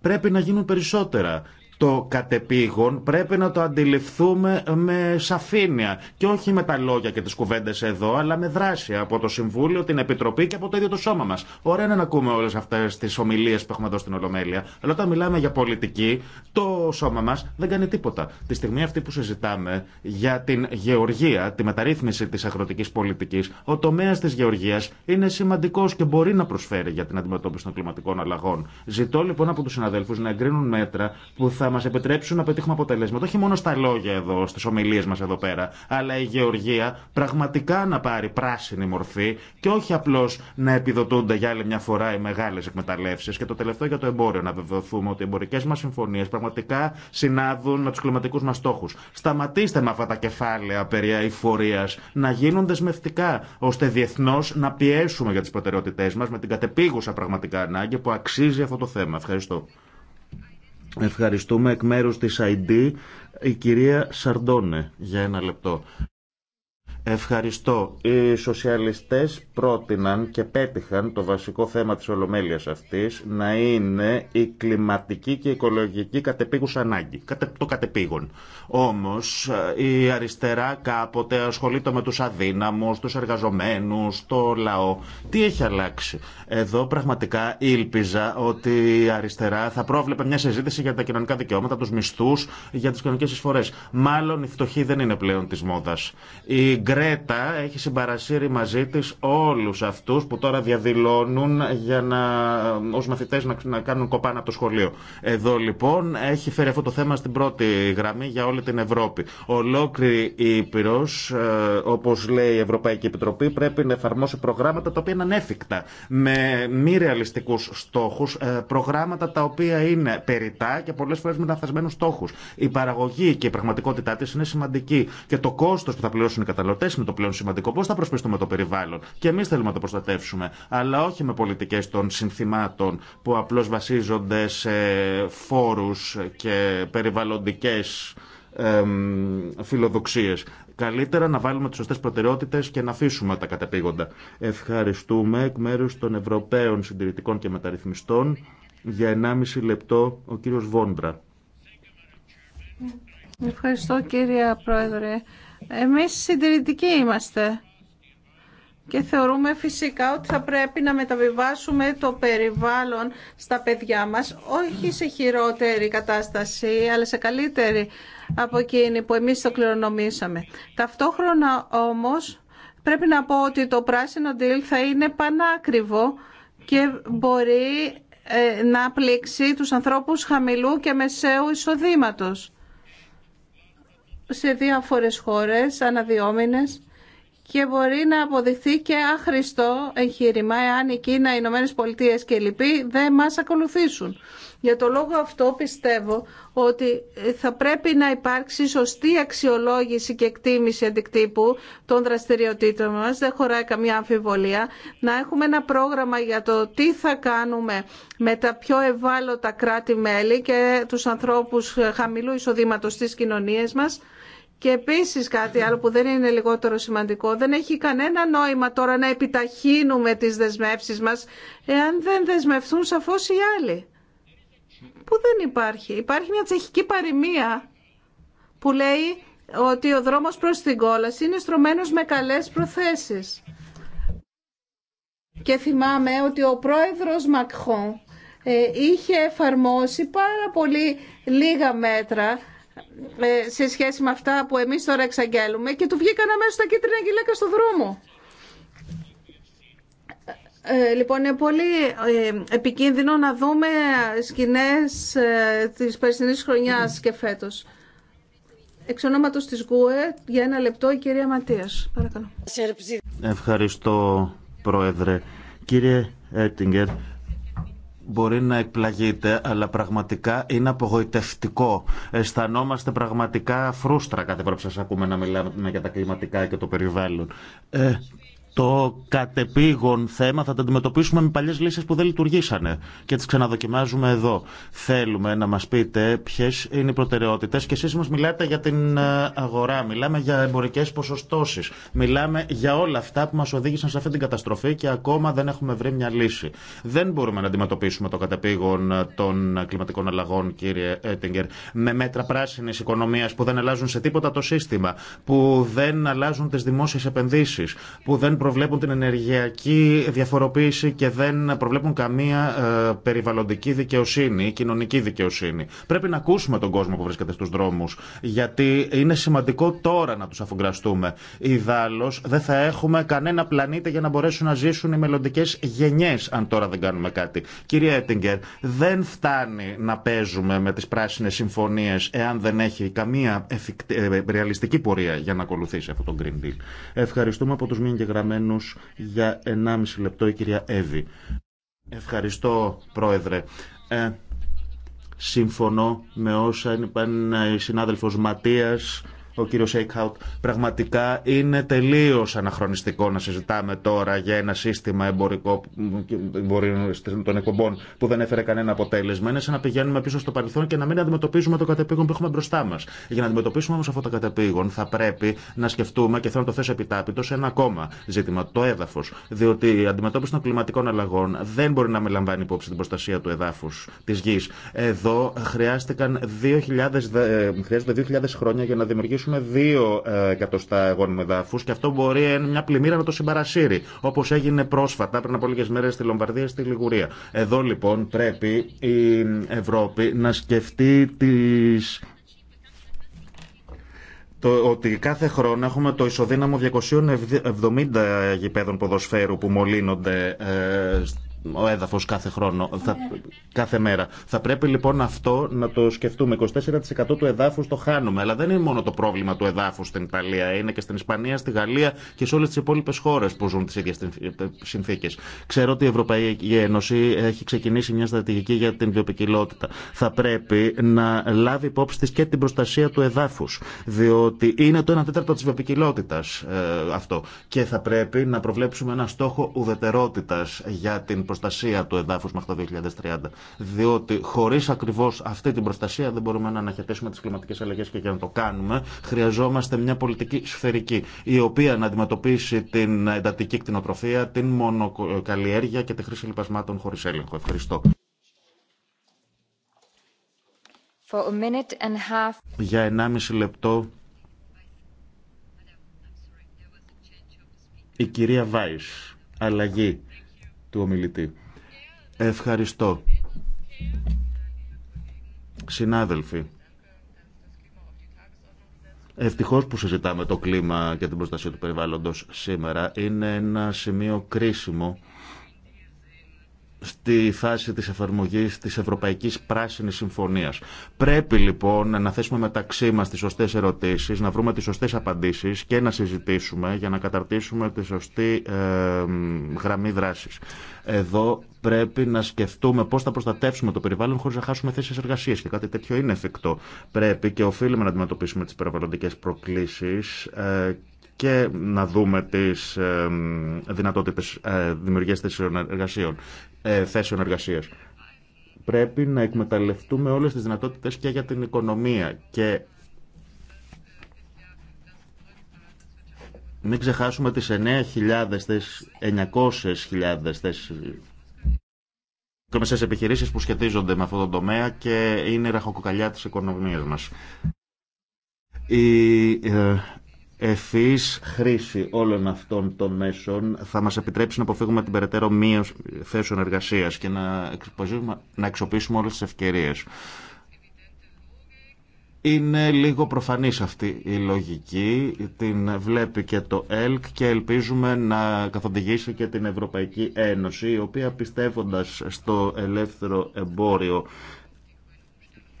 Πρέπει να γίνουν περισσότερα το κατεπήγον πρέπει να το αντιληφθούμε με σαφήνεια και όχι με τα λόγια και τις κουβέντες εδώ αλλά με δράση από το Συμβούλιο, την Επιτροπή και από το ίδιο το σώμα μας. Ωραία να ακούμε όλες αυτές τις ομιλίες που έχουμε εδώ στην Ολομέλεια αλλά όταν μιλάμε για πολιτική το σώμα μας δεν κάνει τίποτα. Τη στιγμή αυτή που συζητάμε για την γεωργία, τη μεταρρύθμιση της αγροτικής πολιτικής, ο τομέας της γεωργίας είναι σημαντικός και μπορεί να προσφέρει για την αντιμετώπιση των κλιματικών αλλαγών. Ζητώ λοιπόν από τους συναδέλφους να εγκρίνουν μέτρα που θα να μα επιτρέψουν να πετύχουμε αποτελέσματα. Όχι μόνο στα λόγια εδώ, στι ομιλίε μα εδώ πέρα, αλλά η γεωργία πραγματικά να πάρει πράσινη μορφή και όχι απλώ να επιδοτούνται για άλλη μια φορά οι μεγάλε εκμεταλλεύσει. Και το τελευταίο για το εμπόριο, να βεβαιωθούμε ότι οι εμπορικέ μα συμφωνίε πραγματικά συνάδουν με του κλιματικού μα στόχου. Σταματήστε με αυτά τα κεφάλαια περί αηφορία να γίνουν δεσμευτικά, ώστε διεθνώ να πιέσουμε για τι προτεραιότητέ μα με την κατεπίγουσα πραγματικά ανάγκη που αξίζει αυτό το θέμα. Ευχαριστώ. Ευχαριστούμε εκ μέρους της ID η κυρία Σαρντόνε για ένα λεπτό. Ευχαριστώ. Οι σοσιαλιστές πρότειναν και πέτυχαν το βασικό θέμα της Ολομέλειας αυτής να είναι η κλιματική και οικολογική κατεπήγουσα ανάγκη, το κατεπήγον. Όμως ε, η αριστερά κάποτε ασχολείται με τους αδύναμους, τους εργαζομένους, το λαό. Τι έχει αλλάξει. Εδώ πραγματικά ήλπιζα ότι η αριστερά θα πρόβλεπε μια συζήτηση για τα κοινωνικά δικαιώματα, τους μισθούς, για τις κοινωνικές εισφορές. Μάλλον η φτωχή δεν είναι πλέον της μόδας. Η Γκρέτα έχει συμπαρασύρει μαζί τη όλου αυτού που τώρα διαδηλώνουν για να, ως μαθητές να, κάνουν κοπάνα από το σχολείο. Εδώ λοιπόν έχει φέρει αυτό το θέμα στην πρώτη γραμμή για όλη την Ευρώπη. Ολόκληρη η ήπειρο, ε, όπω λέει η Ευρωπαϊκή Επιτροπή, πρέπει να εφαρμόσει προγράμματα τα οποία είναι ανέφικτα, με μη ρεαλιστικούς στόχους, ε, προγράμματα τα οποία είναι περιτά και πολλέ φορέ με λανθασμένους στόχους. Η παραγωγή και η πραγματικότητά τη είναι σημαντική και το κόστο που θα πληρώσουν οι καταναλωτέ με το πλέον σημαντικό. Πώ θα προσπιστούμε το περιβάλλον. Και εμεί θέλουμε να το προστατεύσουμε. Αλλά όχι με πολιτικέ των συνθημάτων που απλώ βασίζονται σε φόρου και περιβαλλοντικέ φιλοδοξίε. Καλύτερα να βάλουμε τι σωστέ προτεραιότητε και να αφήσουμε τα κατεπήγοντα. Ευχαριστούμε εκ μέρου των Ευρωπαίων Συντηρητικών και Μεταρρυθμιστών για 1,5 λεπτό ο κύριος Βόντρα. Ευχαριστώ κύριε Πρόεδρε. Εμείς συντηρητικοί είμαστε και θεωρούμε φυσικά ότι θα πρέπει να μεταβιβάσουμε το περιβάλλον στα παιδιά μας, όχι σε χειρότερη κατάσταση, αλλά σε καλύτερη από εκείνη που εμείς το κληρονομήσαμε. Ταυτόχρονα όμως πρέπει να πω ότι το πράσινο deal θα είναι πανάκριβο και μπορεί ε, να πλήξει τους ανθρώπους χαμηλού και μεσαίου εισοδήματος σε διάφορες χώρες αναδυόμενες και μπορεί να αποδειχθεί και άχρηστο εγχείρημα εάν η Κίνα, οι Ηνωμένε Πολιτείε και λοιποί δεν μας ακολουθήσουν. Για το λόγο αυτό πιστεύω ότι θα πρέπει να υπάρξει σωστή αξιολόγηση και εκτίμηση αντικτύπου των δραστηριοτήτων μας, δεν χωράει καμία αμφιβολία, να έχουμε ένα πρόγραμμα για το τι θα κάνουμε με τα πιο ευάλωτα κράτη-μέλη και τους ανθρώπους χαμηλού εισοδήματος στις κοινωνίες μας, και επίσης κάτι άλλο που δεν είναι λιγότερο σημαντικό, δεν έχει κανένα νόημα τώρα να επιταχύνουμε τις δεσμεύσεις μας εάν δεν δεσμευθούν σαφώς οι άλλοι. Που δεν υπάρχει. Υπάρχει μια τσεχική παροιμία που λέει ότι ο δρόμος προς την κόλαση είναι στρωμένος με καλές προθέσεις. Και θυμάμαι ότι ο πρόεδρος Μακχόν ε, είχε εφαρμόσει πάρα πολύ λίγα μέτρα σε σχέση με αυτά που εμείς τώρα εξαγγέλουμε και του βγήκαν αμέσω τα κίτρινα γυλαίκα στο δρόμο. Ε, ε, λοιπόν, είναι πολύ ε, επικίνδυνο να δούμε σκηνές της περσινής χρονιάς και φέτος. Εξ ονόματος της ΓΟΕ, για ένα λεπτό, η κυρία Ματίας. Παρακαλώ. Ευχαριστώ, Πρόεδρε. Κύριε Έτιγκερ, μπορεί να εκπλαγείτε, αλλά πραγματικά είναι απογοητευτικό. Αισθανόμαστε πραγματικά φρούστρα κάθε φορά που σα ακούμε να μιλάμε για τα κλιματικά και το περιβάλλον. Ε, το κατεπήγον θέμα θα τα αντιμετωπίσουμε με παλιές λύσεις που δεν λειτουργήσανε και τις ξαναδοκιμάζουμε εδώ. Θέλουμε να μας πείτε ποιες είναι οι προτεραιότητες και εσείς μας μιλάτε για την ε, αγορά, μιλάμε για εμπορικές ποσοστώσεις, μιλάμε για όλα αυτά που μας οδήγησαν σε αυτή την καταστροφή και ακόμα δεν έχουμε βρει μια λύση. Δεν μπορούμε να αντιμετωπίσουμε το κατεπήγον των κλιματικών αλλαγών, κύριε Έτιγκερ, με μέτρα πράσινη οικονομία που δεν αλλάζουν σε τίποτα το σύστημα, που δεν αλλάζουν τι δημόσιε επενδύσει, που δεν προβλέπουν την ενεργειακή διαφοροποίηση και δεν προβλέπουν καμία ε, περιβαλλοντική δικαιοσύνη, ή κοινωνική δικαιοσύνη. Πρέπει να ακούσουμε τον κόσμο που βρίσκεται στου δρόμου. γιατί είναι σημαντικό τώρα να τους αφουγκραστούμε. Ιδάλω δεν θα έχουμε κανένα πλανήτη για να μπορέσουν να ζήσουν οι μελλοντικέ γενιέ αν τώρα δεν κάνουμε κάτι. Κύριε Έτιγκερ, δεν φτάνει να παίζουμε με τι πράσινε συμφωνίε εάν δεν έχει καμία ε, ρεαλιστική πορεία για να ακολουθήσει αυτό το Green Deal. Ευχαριστούμε από και γραμμέ για 1,5 λεπτό η κυρία Εύη. Ευχαριστώ πρόεδρε. Ε, συμφωνώ με όσα είπαν ε, οι συνάδελφος Ματίας ο κύριο Σέικχαουτ. Πραγματικά είναι τελείω αναχρονιστικό να συζητάμε τώρα για ένα σύστημα εμπορικό των εκπομπών που δεν έφερε κανένα αποτέλεσμα. Είναι σαν να πηγαίνουμε πίσω στο παρελθόν και να μην αντιμετωπίζουμε το κατεπήγον που έχουμε μπροστά μα. Για να αντιμετωπίσουμε όμω αυτό το κατεπήγον θα πρέπει να σκεφτούμε και θέλω να το θέσω επιτάπητο σε ένα ακόμα ζήτημα, το έδαφο. Διότι η αντιμετώπιση των κλιματικών αλλαγών δεν μπορεί να με λαμβάνει υπόψη την προστασία του εδάφου, τη γη. Εδώ χρειάστηκαν 2000, χρειάζονται 2.000 χρόνια για να δημιουργήσουμε με δύο ε, εκατοστά εγών εδάφου και αυτό μπορεί μια πλημμύρα να το συμπαρασύρει. Όπω έγινε πρόσφατα πριν από λίγε μέρε στη Λομπαρδία στη Λιγουρία. Εδώ λοιπόν πρέπει η Ευρώπη να σκεφτεί τις το ότι κάθε χρόνο έχουμε το ισοδύναμο 270 γηπέδων ποδοσφαίρου που μολύνονται ε, ο έδαφος κάθε χρόνο, κάθε μέρα. Θα πρέπει λοιπόν αυτό να το σκεφτούμε. 24% του εδάφους το χάνουμε, αλλά δεν είναι μόνο το πρόβλημα του εδάφους στην Ιταλία, είναι και στην Ισπανία, στη Γαλλία και σε όλες τις υπόλοιπε χώρες που ζουν τις ίδιες συνθήκες. Ξέρω ότι η Ευρωπαϊκή Ένωση έχει ξεκινήσει μια στρατηγική για την βιοπικιλότητα. Θα πρέπει να λάβει υπόψη της και την προστασία του εδάφους, διότι είναι το 1 τέταρτο της βιοπικιλότητας ε, αυτό και θα πρέπει να προβλέψουμε ένα στόχο ουδετερότητας για την προστασία του εδάφου μέχρι το 2030. Διότι χωρί ακριβώ αυτή την προστασία δεν μπορούμε να αναχαιτήσουμε τι κλιματικέ αλλαγέ και για να το κάνουμε χρειαζόμαστε μια πολιτική σφαιρική η οποία να αντιμετωπίσει την εντατική κτηνοτροφία, την μονοκαλλιέργεια και τη χρήση λοιπασμάτων χωρί έλεγχο. Ευχαριστώ. For a minute and half. Για 1,5 λεπτό η κυρία Βάις. Αλλαγή του ομιλητή. Ευχαριστώ. Συνάδελφοι, ευτυχώς που συζητάμε το κλίμα και την προστασία του περιβάλλοντος σήμερα. Είναι ένα σημείο κρίσιμο στη φάση της εφαρμογής της Ευρωπαϊκής Πράσινης Συμφωνίας. Πρέπει λοιπόν να θέσουμε μεταξύ μας τις σωστές ερωτήσεις, να βρούμε τις σωστές απαντήσεις και να συζητήσουμε για να καταρτήσουμε τη σωστή ε, γραμμή δράσης. Εδώ πρέπει να σκεφτούμε πώς θα προστατεύσουμε το περιβάλλον χωρίς να χάσουμε θέσεις εργασίας και κάτι τέτοιο είναι εφικτό. Πρέπει και οφείλουμε να αντιμετωπίσουμε τις περιβαλλοντικές προκλήσεις ε, και να δούμε τις ε, δυνατότητες δημιουργίας θέσεων εργασίων, ε, Πρέπει να εκμεταλλευτούμε όλες τις δυνατότητες και για την οικονομία και μην ξεχάσουμε τις 9.000, τις 900.000 θέσεις επιχειρήσεις που σχετίζονται με αυτό το τομέα και είναι η ραχοκοκαλιά της οικονομίας μας. Η ε, ευφυής χρήση όλων αυτών των μέσων θα μας επιτρέψει να αποφύγουμε την περαιτέρω μείωση θέσεων εργασίας και να, να εξοπλίσουμε όλες τις ευκαιρίες. Είναι λίγο προφανής αυτή η λογική, την βλέπει και το ΕΛΚ και ελπίζουμε να καθοδηγήσει και την Ευρωπαϊκή Ένωση, η οποία πιστεύοντας στο ελεύθερο εμπόριο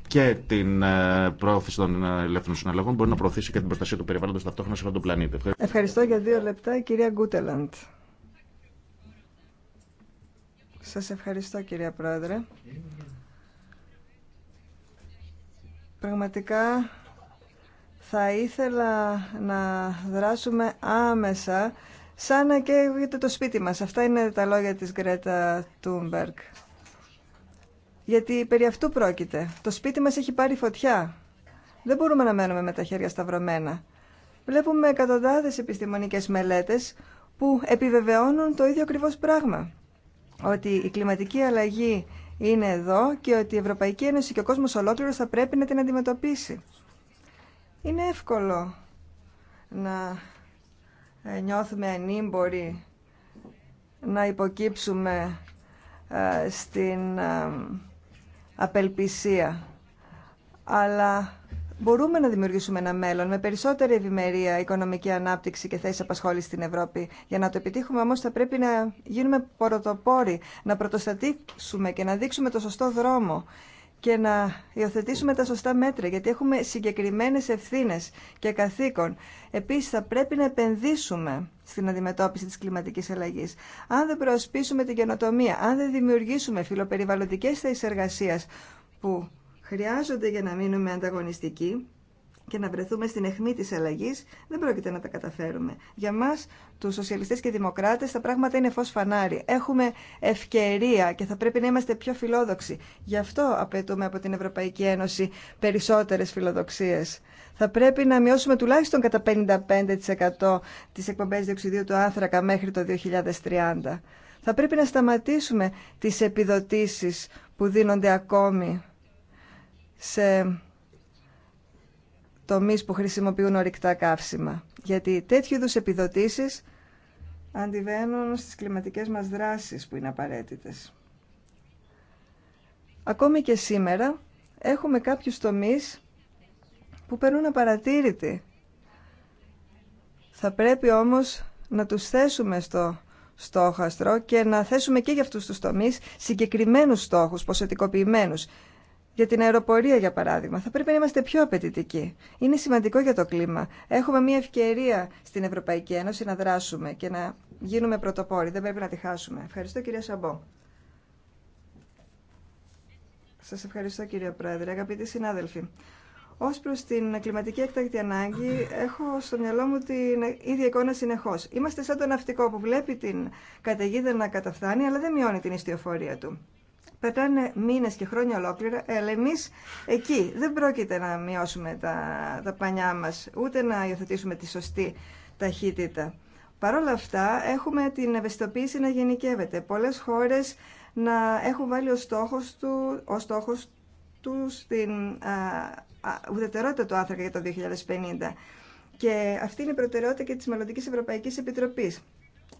και την ε, προώθηση των ε, ελεύθερων συναλλαγών μπορεί να προωθήσει και την προστασία του περιβάλλοντος ταυτόχρονα σε όλο τον πλανήτη. Ευχαριστώ. για δύο λεπτά κυρία Γκούτελαντ. Σας ευχαριστώ κυρία Πρόεδρε. Πραγματικά θα ήθελα να δράσουμε άμεσα σαν να καίγεται το σπίτι μας. Αυτά είναι τα λόγια της Γκρέτα Τούμπερκ. Γιατί περί αυτού πρόκειται. Το σπίτι μας έχει πάρει φωτιά. Δεν μπορούμε να μένουμε με τα χέρια σταυρωμένα. Βλέπουμε εκατοντάδες επιστημονικές μελέτες που επιβεβαιώνουν το ίδιο ακριβώς πράγμα. Ότι η κλιματική αλλαγή είναι εδώ και ότι η Ευρωπαϊκή Ένωση και ο κόσμος ολόκληρος θα πρέπει να την αντιμετωπίσει. Είναι εύκολο να ε, νιώθουμε ανήμποροι, να υποκύψουμε ε, στην ε, απελπισία. Αλλά μπορούμε να δημιουργήσουμε ένα μέλλον με περισσότερη ευημερία, οικονομική ανάπτυξη και θέσει απασχόληση στην Ευρώπη. Για να το επιτύχουμε όμω, θα πρέπει να γίνουμε πρωτοπόροι, να πρωτοστατήσουμε και να δείξουμε το σωστό δρόμο και να υιοθετήσουμε τα σωστά μέτρα, γιατί έχουμε συγκεκριμένες ευθύνες και καθήκον. Επίσης, θα πρέπει να επενδύσουμε στην αντιμετώπιση της κλιματικής αλλαγής. Αν δεν προασπίσουμε την καινοτομία, αν δεν δημιουργήσουμε φιλοπεριβαλλοντικές θέσεις εργασίας που χρειάζονται για να μείνουμε ανταγωνιστικοί, και να βρεθούμε στην αιχμή τη αλλαγή, δεν πρόκειται να τα καταφέρουμε. Για μας, του Σοσιαλιστέ και δημοκράτε, τα πράγματα είναι φω φανάρι. Έχουμε ευκαιρία και θα πρέπει να είμαστε πιο φιλόδοξοι. Γι' αυτό απαιτούμε από την Ευρωπαϊκή Ένωση περισσότερε φιλοδοξίε. Θα πρέπει να μειώσουμε τουλάχιστον κατά 55% τις εκπομπές διοξιδίου του άνθρακα μέχρι το 2030. Θα πρέπει να σταματήσουμε τι επιδοτήσει που δίνονται ακόμη σε τομείς που χρησιμοποιούν ορυκτά καύσιμα. Γιατί τέτοιου είδους επιδοτήσεις αντιβαίνουν στις κλιματικές μας δράσεις που είναι απαραίτητες. Ακόμη και σήμερα έχουμε κάποιους τομείς που περνούν απαρατήρητοι. Θα πρέπει όμως να τους θέσουμε στο στόχαστρο και να θέσουμε και για αυτούς τους τομείς συγκεκριμένους στόχους, ποσοτικοποιημένους, για την αεροπορία, για παράδειγμα, θα πρέπει να είμαστε πιο απαιτητικοί. Είναι σημαντικό για το κλίμα. Έχουμε μια ευκαιρία στην Ευρωπαϊκή Ένωση να δράσουμε και να γίνουμε πρωτοπόροι. Δεν πρέπει να τη χάσουμε. Ευχαριστώ, κυρία Σαμπό. Σα ευχαριστώ, κύριε Πρόεδρε. Αγαπητοί συνάδελφοι, ω προ την κλιματική έκτακτη ανάγκη, έχω στο μυαλό μου την ίδια εικόνα συνεχώ. Είμαστε σαν το ναυτικό που βλέπει την καταιγίδα να καταφθάνει, αλλά δεν μειώνει την ιστιοφορία του περνάνε μήνες και χρόνια ολόκληρα, αλλά εμείς εκεί δεν πρόκειται να μειώσουμε τα, τα πανιά μας, ούτε να υιοθετήσουμε τη σωστή ταχύτητα. Παρ' όλα αυτά, έχουμε την ευαισθητοποίηση να γενικεύεται. Πολλές χώρες να έχουν βάλει ως στόχος του, ως στόχος του στην ουδετερότητα του άνθρακα για το 2050. Και αυτή είναι η προτεραιότητα και της Μελλοντικής Ευρωπαϊκής Επιτροπής.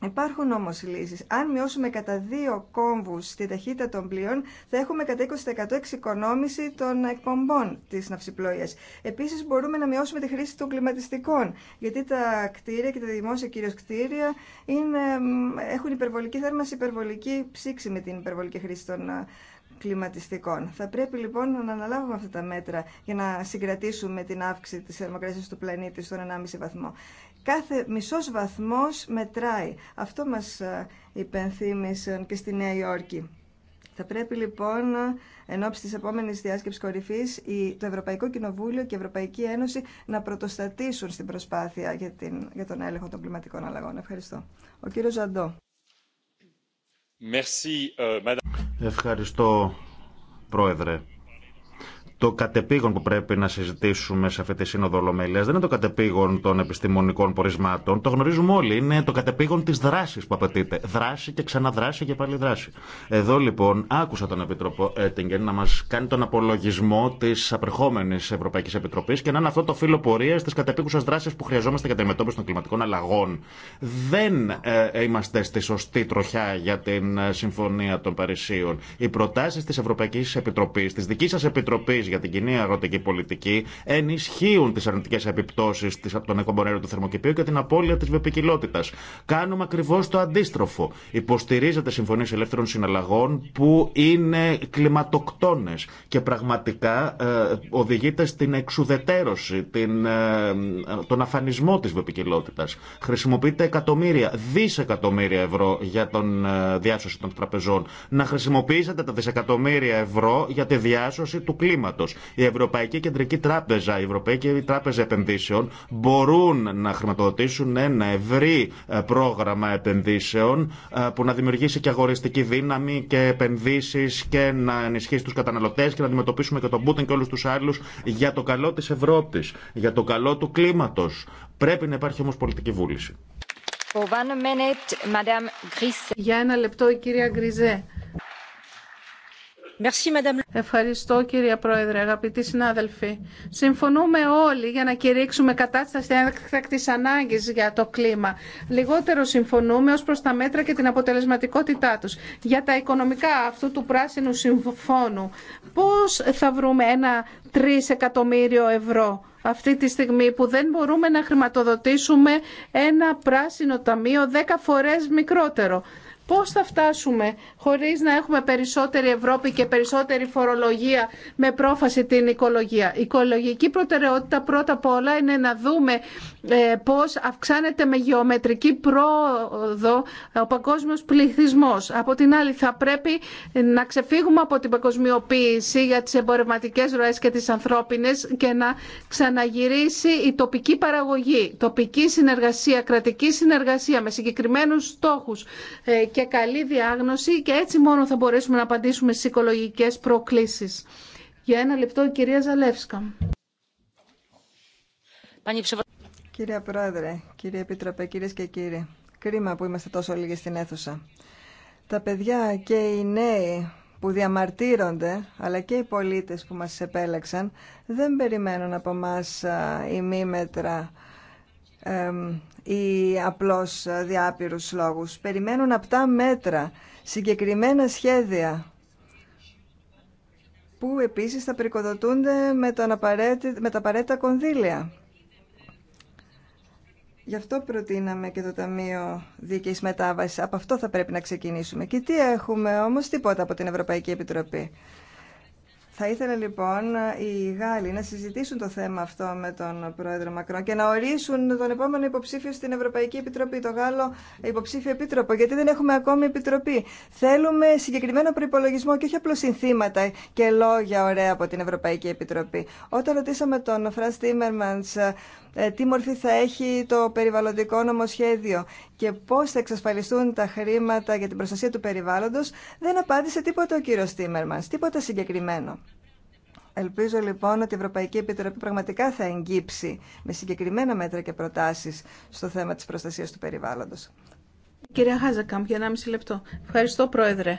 Υπάρχουν όμω λύσει. Αν μειώσουμε κατά δύο κόμβου τη ταχύτητα των πλοίων, θα έχουμε κατά 20% εξοικονόμηση των εκπομπών τη ναυσιπλοεία. Επίση, μπορούμε να μειώσουμε τη χρήση των κλιματιστικών, γιατί τα κτίρια και τα δημόσια κυρίω κτίρια είναι, έχουν υπερβολική θέρμανση, υπερβολική ψήξη με την υπερβολική χρήση των κλιματιστικών. Θα πρέπει λοιπόν να αναλάβουμε αυτά τα μέτρα για να συγκρατήσουμε την αύξηση της θερμοκρασία του πλανήτη στον 1,5 βαθμό. Κάθε μισός βαθμός μετράει. Αυτό μας ε, υπενθύμησαν και στη Νέα Υόρκη. Θα πρέπει λοιπόν εν ώψη τη επόμενη διάσκεψη κορυφή το Ευρωπαϊκό Κοινοβούλιο και η Ευρωπαϊκή Ένωση να πρωτοστατήσουν στην προσπάθεια για, την, για τον έλεγχο των κλιματικών αλλαγών. Ευχαριστώ. Ο κύριος Ζαντό. Ε, Ευχαριστώ, Πρόεδρε το κατεπήγον που πρέπει να συζητήσουμε σε αυτή τη Σύνοδο Ολομέλεια δεν είναι το κατεπήγον των επιστημονικών πορισμάτων. Το γνωρίζουμε όλοι. Είναι το κατεπήγον τη δράση που απαιτείται. Δράση και ξαναδράση και πάλι δράση. Εδώ λοιπόν άκουσα τον Επίτροπο Έτιγκεν να μα κάνει τον απολογισμό τη απερχόμενη Ευρωπαϊκή Επιτροπή και να είναι αυτό το φύλλο πορεία τη κατεπήγουσα δράση που χρειαζόμαστε για την αντιμετώπιση των κλιματικών αλλαγών. Δεν ε, ε είμαστε στη σωστή τροχιά για την ε, Συμφωνία των Παρισίων. Οι προτάσει τη Ευρωπαϊκή Επιτροπή, τη δική σα Επιτροπή για την κοινή αγροτική πολιτική ενισχύουν τι αρνητικέ επιπτώσει τον εκπομπών του θερμοκηπίου και την απώλεια τη βιοπικιλότητα. Κάνουμε ακριβώ το αντίστροφο. Υποστηρίζεται συμφωνίε ελεύθερων συναλλαγών που είναι κλιματοκτόνε και πραγματικά ε, οδηγείται στην εξουδετέρωση, την, ε, τον αφανισμό τη βιοπικιλότητα. Χρησιμοποιείται εκατομμύρια, δισεκατομμύρια ευρώ για τον ε, διάσωση των τραπεζών. Να χρησιμοποιήσετε τα δισεκατομμύρια ευρώ για τη διάσωση του κλίματο η Ευρωπαϊκή Κεντρική Τράπεζα, η Ευρωπαϊκή Τράπεζα Επενδύσεων μπορούν να χρηματοδοτήσουν ένα ευρύ ε, πρόγραμμα επενδύσεων ε, που να δημιουργήσει και αγοριστική δύναμη και επενδύσει και να ενισχύσει του καταναλωτέ και να αντιμετωπίσουμε και τον Πούτιν και όλου του άλλου για το καλό τη Ευρώπη, για το καλό του κλίματο. Πρέπει να υπάρχει όμω πολιτική βούληση. Για ένα λεπτό η κυρία Γκριζέ. Ευχαριστώ κύριε Πρόεδρε, αγαπητοί συνάδελφοι. Συμφωνούμε όλοι για να κηρύξουμε κατάσταση έκτακτης ανάγκης για το κλίμα. Λιγότερο συμφωνούμε ως προς τα μέτρα και την αποτελεσματικότητά τους. Για τα οικονομικά αυτού του πράσινου συμφώνου, πώς θα βρούμε ένα 3 εκατομμύριο ευρώ αυτή τη στιγμή που δεν μπορούμε να χρηματοδοτήσουμε ένα πράσινο ταμείο 10 φορές μικρότερο. Πώς θα φτάσουμε χωρίς να έχουμε περισσότερη Ευρώπη και περισσότερη φορολογία με πρόφαση την οικολογία. Η οικολογική προτεραιότητα πρώτα απ' όλα είναι να δούμε ε, πώς αυξάνεται με γεωμετρική πρόοδο ο παγκόσμιος πληθυσμός. Από την άλλη θα πρέπει να ξεφύγουμε από την παγκοσμιοποίηση για τις εμπορευματικές ροές και τις ανθρώπινες και να ξαναγυρίσει η τοπική παραγωγή, τοπική συνεργασία, κρατική συνεργασία με συγκεκριμένους στόχους ε, και καλή διάγνωση και έτσι μόνο θα μπορέσουμε να απαντήσουμε στις οικολογικές προκλήσεις. Για ένα λεπτό η κυρία Ζαλεύσκα. Κυρία Πρόεδρε, κύριε Επιτροπέ, κυρίες και κύριοι, κρίμα που είμαστε τόσο λίγοι στην αίθουσα. Τα παιδιά και οι νέοι που διαμαρτύρονται, αλλά και οι πολίτες που μας επέλεξαν, δεν περιμένουν από μας ημίμετρα ή απλώς διάπειρους λόγους. Περιμένουν απτά μέτρα, συγκεκριμένα σχέδια που επίσης θα περικοδοτούνται με, με τα απαραίτητα κονδύλια. Γι' αυτό προτείναμε και το Ταμείο Δίκαιη Μετάβαση. Από αυτό θα πρέπει να ξεκινήσουμε. Και τι έχουμε όμω, τίποτα από την Ευρωπαϊκή Επιτροπή. Θα ήθελα λοιπόν οι Γάλλοι να συζητήσουν το θέμα αυτό με τον πρόεδρο Μακρόν και να ορίσουν τον επόμενο υποψήφιο στην Ευρωπαϊκή Επιτροπή, το Γάλλο υποψήφιο επίτροπο, γιατί δεν έχουμε ακόμη επιτροπή. Θέλουμε συγκεκριμένο προπολογισμό και όχι απλώ συνθήματα και λόγια ωραία από την Ευρωπαϊκή Επιτροπή. Όταν ρωτήσαμε τον Φραν Τίμερμαντ ε, τι μορφή θα έχει το περιβαλλοντικό νομοσχέδιο και πώς θα εξασφαλιστούν τα χρήματα για την προστασία του περιβάλλοντος, δεν απάντησε τίποτα ο κύριος Τίμερμανς, τίποτα συγκεκριμένο. Ελπίζω λοιπόν ότι η Ευρωπαϊκή Επιτροπή πραγματικά θα εγγύψει με συγκεκριμένα μέτρα και προτάσεις στο θέμα της προστασίας του περιβάλλοντος. Κυρία Χάζακαμ, για 1,5 λεπτό. Ευχαριστώ, Πρόεδρε.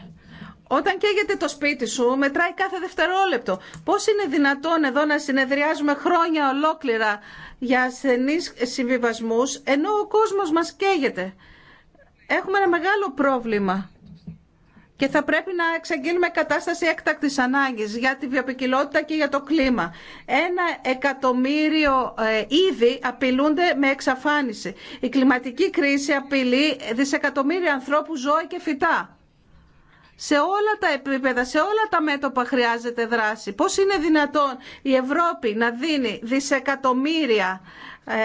Όταν καίγεται το σπίτι σου, μετράει κάθε δευτερόλεπτο. Πώς είναι δυνατόν εδώ να συνεδριάζουμε χρόνια ολόκληρα για ασθενεί συμβιβασμού ενώ ο κόσμος μας καίγεται. Έχουμε ένα μεγάλο πρόβλημα. Και θα πρέπει να εξαγγείλουμε κατάσταση έκτακτης ανάγκης για τη βιοπικιλότητα και για το κλίμα. Ένα εκατομμύριο ε, είδη απειλούνται με εξαφάνιση. Η κλιματική κρίση απειλεί δισεκατομμύρια ανθρώπου ζώα και φυτά σε όλα τα επίπεδα, σε όλα τα μέτωπα χρειάζεται δράση. Πώς είναι δυνατόν η Ευρώπη να δίνει δισεκατομμύρια ε,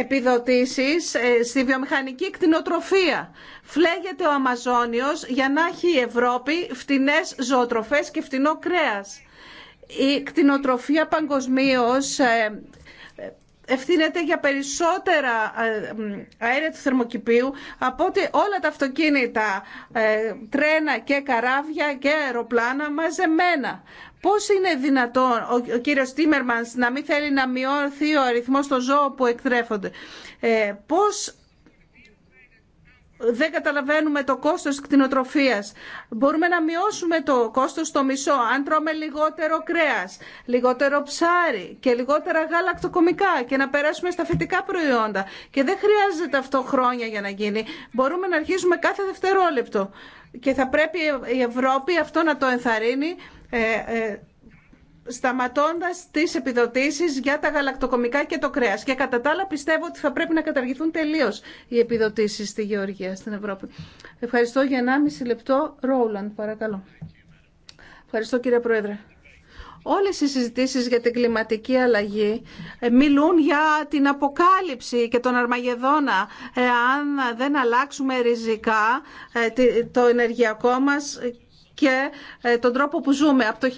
επιδοτήσεις ε, στη βιομηχανική κτηνοτροφία. Φλέγεται ο Αμαζόνιος για να έχει η Ευρώπη φτηνές ζωοτροφές και φτηνό κρέας. Η κτηνοτροφία παγκοσμίω ε, ευθύνεται για περισσότερα ε, αέρια του θερμοκηπίου από όλα τα αυτοκίνητα, ε, τρένα και καράβια και αεροπλάνα μαζεμένα. Πώς είναι δυνατόν ο κύριος Τίμερμανς να μην θέλει να μειωθεί ο αριθμός των ζώων που εκτρέφονται. Ε, πώς δεν καταλαβαίνουμε το κόστος κτηνοτροφίας. Μπορούμε να μειώσουμε το κόστος στο μισό αν τρώμε λιγότερο κρέας, λιγότερο ψάρι και λιγότερα γάλακτοκομικά και να περάσουμε στα φυτικά προϊόντα. Και δεν χρειάζεται αυτό χρόνια για να γίνει. Μπορούμε να αρχίσουμε κάθε δευτερόλεπτο. Και θα πρέπει η Ευρώπη αυτό να το ενθαρρύνει ε, ε, Σταματώντα τις επιδοτήσει για τα γαλακτοκομικά και το κρέας. Και κατά τα άλλα πιστεύω ότι θα πρέπει να καταργηθούν τελείως οι επιδοτήσει στη Γεωργία, στην Ευρώπη. Ευχαριστώ για 1,5 λεπτό. Ρόουλαντ, παρακαλώ. Ευχαριστώ κύριε Πρόεδρε. Όλες οι συζητήσεις για την κλιματική αλλαγή ε, μιλούν για την αποκάλυψη και τον Αρμαγεδόνα αν δεν αλλάξουμε ριζικά ε, το ενεργειακό μας και ε, τον τρόπο που ζούμε. Από το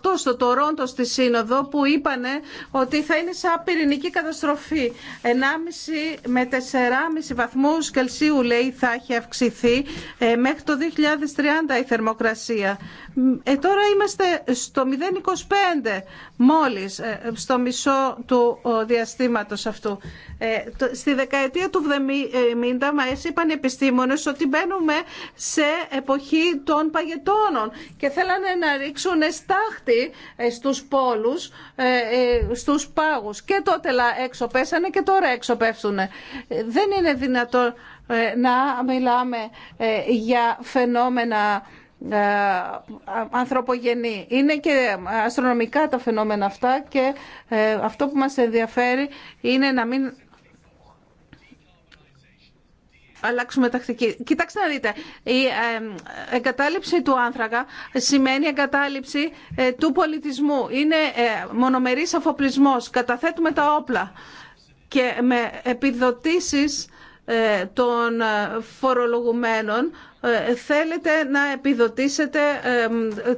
1988 στο Τορόντο στη Σύνοδο που είπανε ότι θα είναι σαν πυρηνική καταστροφή. 1,5 με 4,5 βαθμούς Κελσίου λέει θα έχει αυξηθεί ε, μέχρι το 2030 η θερμοκρασία. Ε, τώρα είμαστε στο 0,25 μόλις ε, στο μισό του διαστήματος αυτού. στη δεκαετία του 70 μα είπαν οι επιστήμονες ότι μπαίνουμε σε εποχή των παγετώνων και θέλανε να ρίξουν στάχτη ε, στους πόλους, ε, ε, στους πάγους. Και τότε έξω πέσανε και τώρα έξω πέφτουνε. Δεν είναι δυνατό να μιλάμε για φαινόμενα ανθρωπογενή. Είναι και αστρονομικά τα φαινόμενα αυτά και αυτό που μας ενδιαφέρει είναι να μην αλλάξουμε τακτική. Κοιτάξτε να δείτε, η εγκατάλειψη του άνθρακα σημαίνει εγκατάλειψη ε, του πολιτισμού. Είναι ε, μονομερής αφοπλισμός. Καταθέτουμε τα όπλα και με επιδοτήσεις ε, των φορολογουμένων ε, θέλετε να επιδοτήσετε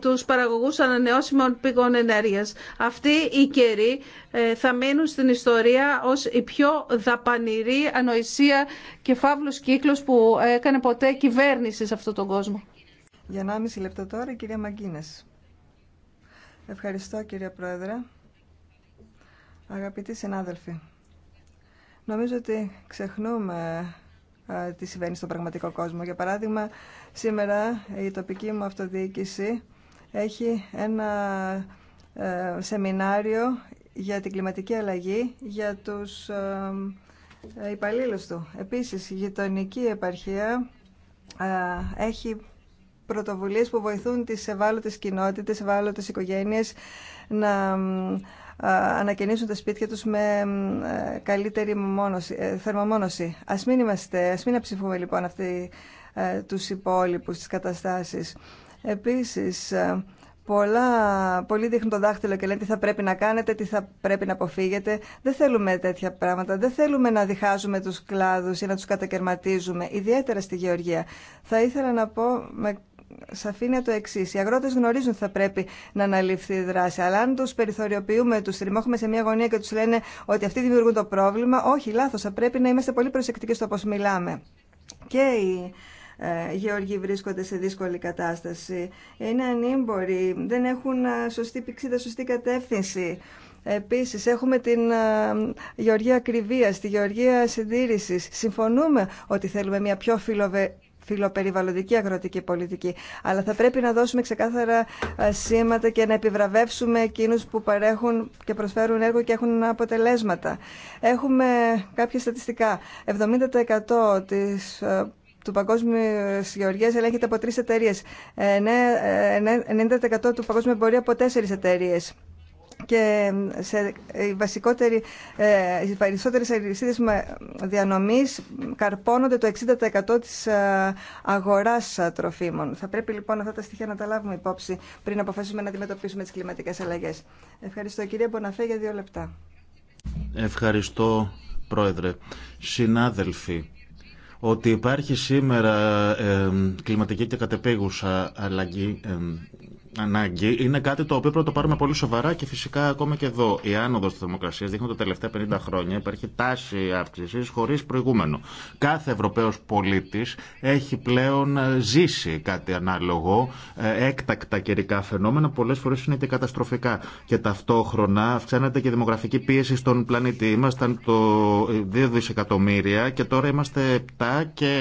τους παραγωγούς ανανεώσιμων πηγών ενέργειας. Αυτοί οι καιροί ε, θα μείνουν στην ιστορία ως η πιο δαπανηρή ανοησία και φαύλος κύκλος που έκανε ποτέ κυβέρνηση σε αυτόν τον κόσμο. Για 1,5 λεπτό τώρα κυρία Μαγκίνες. Ευχαριστώ κυρία Πρόεδρε. Αγαπητοί συνάδελφοι, νομίζω ότι ξεχνούμε τι συμβαίνει στον πραγματικό κόσμο. Για παράδειγμα, σήμερα η τοπική μου αυτοδιοίκηση έχει ένα ε, σεμινάριο για την κλιματική αλλαγή για τους ε, ε, υπαλλήλους του. Επίσης, η γειτονική επαρχία έχει πρωτοβουλίες που βοηθούν τις ευάλωτες κοινότητες, ευάλωτες οικογένειες να ανακαινήσουν τα σπίτια τους με ε, καλύτερη ε, θερμομόνωση. Ας μην, είμαστε, ας μην αψηφούμε λοιπόν αυτοί ε, τους υπόλοιπους, τις καταστάσεις. Επίσης, πολλά, πολλοί δείχνουν το δάχτυλο και λένε τι θα πρέπει να κάνετε, τι θα πρέπει να αποφύγετε. Δεν θέλουμε τέτοια πράγματα. Δεν θέλουμε να διχάζουμε τους κλάδους ή να τους κατακαιρματίζουμε, ιδιαίτερα στη γεωργία. Θα ήθελα να πω με σαφήνεια το εξή. Οι αγρότε γνωρίζουν ότι θα πρέπει να αναλυφθεί η δράση, αλλά αν του περιθωριοποιούμε, του τριμώχουμε σε μια γωνία και του λένε ότι αυτοί δημιουργούν το πρόβλημα, όχι, λάθο, θα πρέπει να είμαστε πολύ προσεκτικοί στο πώ μιλάμε. Και οι ε, γεωργοί βρίσκονται σε δύσκολη κατάσταση. Είναι ανήμποροι, δεν έχουν ε, σωστή πηξίδα, σωστή κατεύθυνση. Επίσης έχουμε την ε, γεωργία ακριβίας, τη γεωργία συντήρησης. Συμφωνούμε ότι θέλουμε μια πιο φιλοβε φιλοπεριβαλλοντική αγροτική πολιτική. Αλλά θα πρέπει να δώσουμε ξεκάθαρα σήματα και να επιβραβεύσουμε εκείνους που παρέχουν και προσφέρουν έργο και έχουν αποτελέσματα. Έχουμε κάποια στατιστικά. 70% του Παγκόσμιου Γεωργία ελέγχεται από τρει εταιρείε. 90% του παγκόσμιου εμπορίου από τέσσερι εταιρείε και σε ε, οι βασικότεροι, ε, οι περισσότερες αλυσίδες διανομής καρπώνονται το 60% της ε, αγοράς τροφίμων. Θα πρέπει λοιπόν αυτά τα στοιχεία να τα λάβουμε υπόψη πριν αποφασίσουμε να αντιμετωπίσουμε τις κλιματικές αλλαγές. Ευχαριστώ κυρία Μποναφέ για δύο λεπτά. Ευχαριστώ πρόεδρε. Συνάδελφοι, ότι υπάρχει σήμερα κλιματική και κατεπέγουσα αλλαγή, ανάγκη είναι κάτι το οποίο πρέπει να το πάρουμε πολύ σοβαρά και φυσικά ακόμα και εδώ. Η άνοδο τη Δημοκρασία δείχνει ότι τα τελευταία 50 χρόνια υπάρχει τάση αύξηση χωρί προηγούμενο. Κάθε Ευρωπαίο πολίτη έχει πλέον ε, ζήσει κάτι ανάλογο, ε, έκτακτα καιρικά φαινόμενα, πολλέ φορέ είναι και καταστροφικά. Και ταυτόχρονα αυξάνεται και η δημογραφική πίεση στον πλανήτη. Ήμασταν το 2 ε, δισεκατομμύρια και τώρα είμαστε 7 και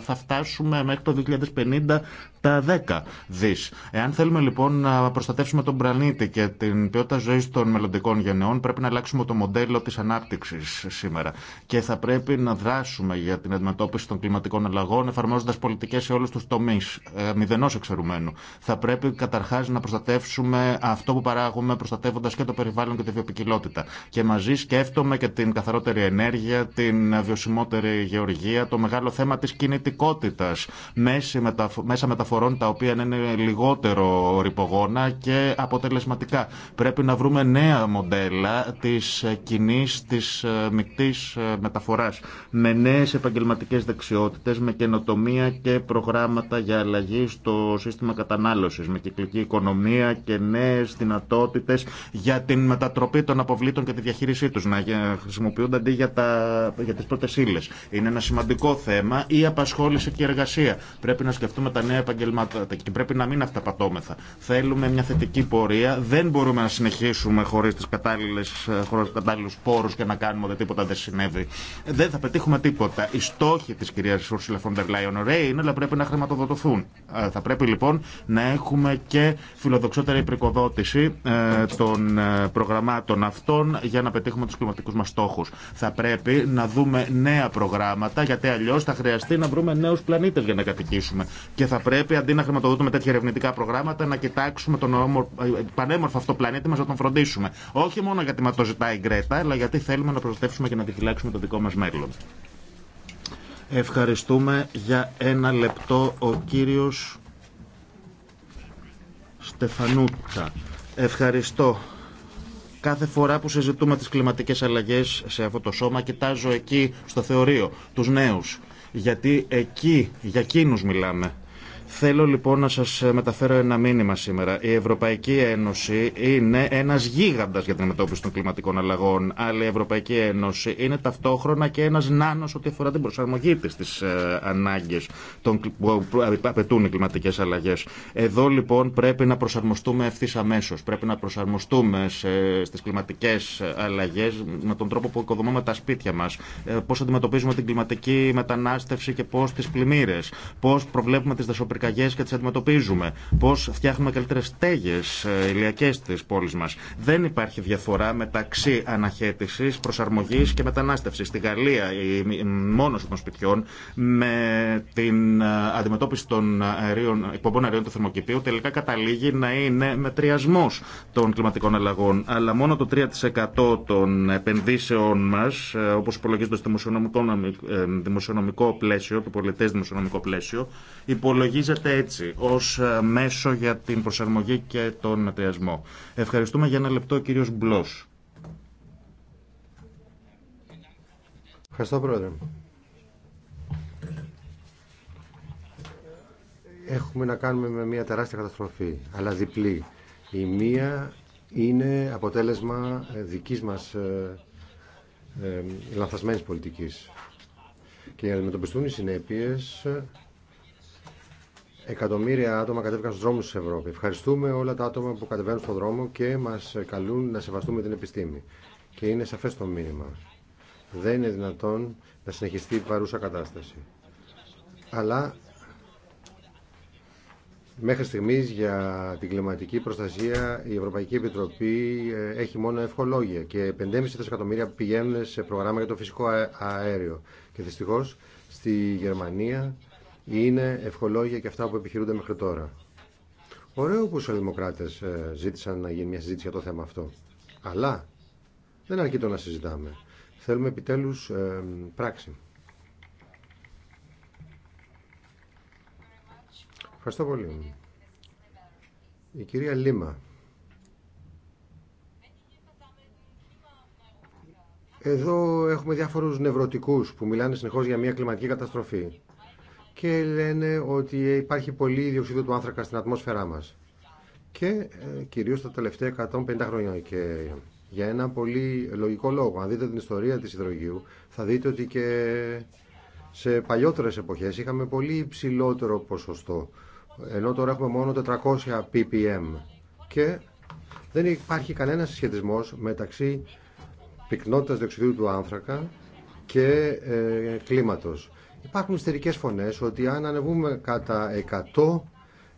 θα φτάσουμε μέχρι το 2050 10 δι. Εάν θέλουμε λοιπόν να προστατεύσουμε τον πλανήτη και την ποιότητα ζωή των μελλοντικών γενεών, πρέπει να αλλάξουμε το μοντέλο τη ανάπτυξη σήμερα. Και θα πρέπει να δράσουμε για την αντιμετώπιση των κλιματικών αλλαγών, εφαρμόζοντα πολιτικέ σε όλου του τομεί. ε, μηδενός εξαιρουμένου. Θα πρέπει καταρχάς να προστατεύσουμε αυτό που παράγουμε, προστατεύοντα και το περιβάλλον και τη βιοπικιλότητα. Και μαζί σκέφτομαι και την καθαρότερη ενέργεια, την βιωσιμότερη γεωργία, το μεγάλο θέμα τη κινητικότητα μέσα μεταφορά τα οποία είναι λιγότερο ρηπογόνα και αποτελεσματικά. Πρέπει να βρούμε νέα μοντέλα της κοινή της ε, μικτής ε, μεταφοράς με νέες επαγγελματικές δεξιότητες, με καινοτομία και προγράμματα για αλλαγή στο σύστημα κατανάλωσης, με κυκλική οικονομία και νέες δυνατότητες για την μετατροπή των αποβλήτων και τη διαχείρισή τους, να χρησιμοποιούνται αντί για, τα, για τις πρώτες ύλες. Είναι ένα σημαντικό θέμα η απασχόληση και η εργασία. Πρέπει να σκεφτούμε τα νέα επαγγελματικά επαγγέλματα και πρέπει να μην αυταπατώμεθα. Θέλουμε μια θετική πορεία. Δεν μπορούμε να συνεχίσουμε χωρί του ε, κατάλληλου πόρου και να κάνουμε ότι τίποτα δεν συνέβη. Δεν θα πετύχουμε τίποτα. Οι στόχοι τη κυρία Ursula von der Leyen ωραίοι είναι, αλλά πρέπει να χρηματοδοτηθούν. Ε, θα πρέπει λοιπόν να έχουμε και φιλοδοξότερη πρικοδότηση ε, των προγραμμάτων αυτών για να πετύχουμε του κλιματικού μα στόχου. Θα πρέπει να δούμε νέα προγράμματα, γιατί αλλιώ θα χρειαστεί να βρούμε νέου πλανήτε για να κατοικήσουμε. Και θα πρέπει πρέπει αντί να χρηματοδοτούμε τέτοια ερευνητικά προγράμματα να κοιτάξουμε τον όμορ... Ε, πανέμορφο αυτό πλανήτη μα να τον φροντίσουμε. Όχι μόνο γιατί μα το ζητάει η Γκρέτα, αλλά γιατί θέλουμε να προστατεύσουμε και να τη φυλάξουμε το δικό μα μέλλον. Ευχαριστούμε για ένα λεπτό ο κύριος Στεφανούτσα. Ευχαριστώ. Κάθε φορά που συζητούμε τις κλιματικές αλλαγές σε αυτό το σώμα, κοιτάζω εκεί στο θεωρείο, τους νέους. Γιατί εκεί, για εκείνους μιλάμε. Θέλω λοιπόν να σας μεταφέρω ένα μήνυμα σήμερα. Η Ευρωπαϊκή Ένωση είναι ένας γίγαντας για την αντιμετώπιση των κλιματικών αλλαγών, αλλά η Ευρωπαϊκή Ένωση είναι ταυτόχρονα και ένας νάνος ό,τι αφορά την προσαρμογή της στις ε, ανάγκες των, που απαιτούν οι κλιματικές αλλαγές. Εδώ λοιπόν πρέπει να προσαρμοστούμε ευθύ αμέσω. Πρέπει να προσαρμοστούμε σε, στις κλιματικές αλλαγές με τον τρόπο που οικοδομούμε τα σπίτια μας, ε, πώς αντιμετωπίζουμε την κλιματική μετανάστευση και πώς τις πλημμύρες, πώς προβλέπουμε τις πυρκαγιέ και τι αντιμετωπίζουμε, πώ φτιάχνουμε καλύτερε στέγε ηλιακέ τη πόλη μα. Δεν υπάρχει διαφορά μεταξύ αναχέτηση, προσαρμογή και μετανάστευση. Στη Γαλλία, η μόνωση των σπιτιών με την ε, αντιμετώπιση των αερίων, εκπομπών αερίων του θερμοκηπίου τελικά καταλήγει να είναι μετριασμό των κλιματικών αλλαγών. Αλλά μόνο το 3% των επενδύσεων μα, ε, όπω υπολογίζεται στο ε, δημοσιονομικό πλαίσιο, το πολιτέ δημοσιονομικό πλαίσιο, υπολογίζει χειρίζεται έτσι ως ε, μέσο για την προσαρμογή και τον αταιασμό. Ευχαριστούμε για ένα λεπτό κύριο Μπλό. Ευχαριστώ πρόεδρε. Έχουμε να κάνουμε με μια τεράστια καταστροφή, αλλά διπλή. Η μία είναι αποτέλεσμα ε, δικής μας ε, ε, Και για να αντιμετωπιστούν οι συνέπειες εκατομμύρια άτομα κατέβηκαν στου δρόμου της Ευρώπη. Ευχαριστούμε όλα τα άτομα που κατεβαίνουν στον δρόμο και μα καλούν να σεβαστούμε την επιστήμη. Και είναι σαφέ το μήνυμα. Δεν είναι δυνατόν να συνεχιστεί η παρούσα κατάσταση. Αλλά μέχρι στιγμή για την κλιματική προστασία η Ευρωπαϊκή Επιτροπή ε, έχει μόνο ευχολόγια και 5,5 δισεκατομμύρια πηγαίνουν σε προγράμμα για το φυσικό αέριο. Και δυστυχώ στη Γερμανία είναι ευχολόγια και αυτά που επιχειρούνται μέχρι τώρα. Ωραίο που οι σοδημοκράτε ε, ζήτησαν να γίνει μια συζήτηση για το θέμα αυτό. Αλλά δεν αρκεί το να συζητάμε. Θέλουμε επιτέλους ε, πράξη. Ευχαριστώ πολύ. Η κυρία Λίμα. Εδώ έχουμε διάφορους νευρωτικούς που μιλάνε συνεχώς για μια κλιματική καταστροφή και λένε ότι υπάρχει πολύ διοξείδιο του άνθρακα στην ατμόσφαιρά μας. Και ε, κυρίως τα τελευταία 150 χρόνια και για ένα πολύ λογικό λόγο. Αν δείτε την ιστορία της υδρογείου θα δείτε ότι και σε παλιότερες εποχές είχαμε πολύ υψηλότερο ποσοστό ενώ τώρα έχουμε μόνο 400 ppm και δεν υπάρχει κανένας συσχετισμό μεταξύ πυκνότητας διοξιδίου του άνθρακα και ε, κλίματος. Υπάρχουν στερικές φωνές ότι αν ανεβούμε κατά 100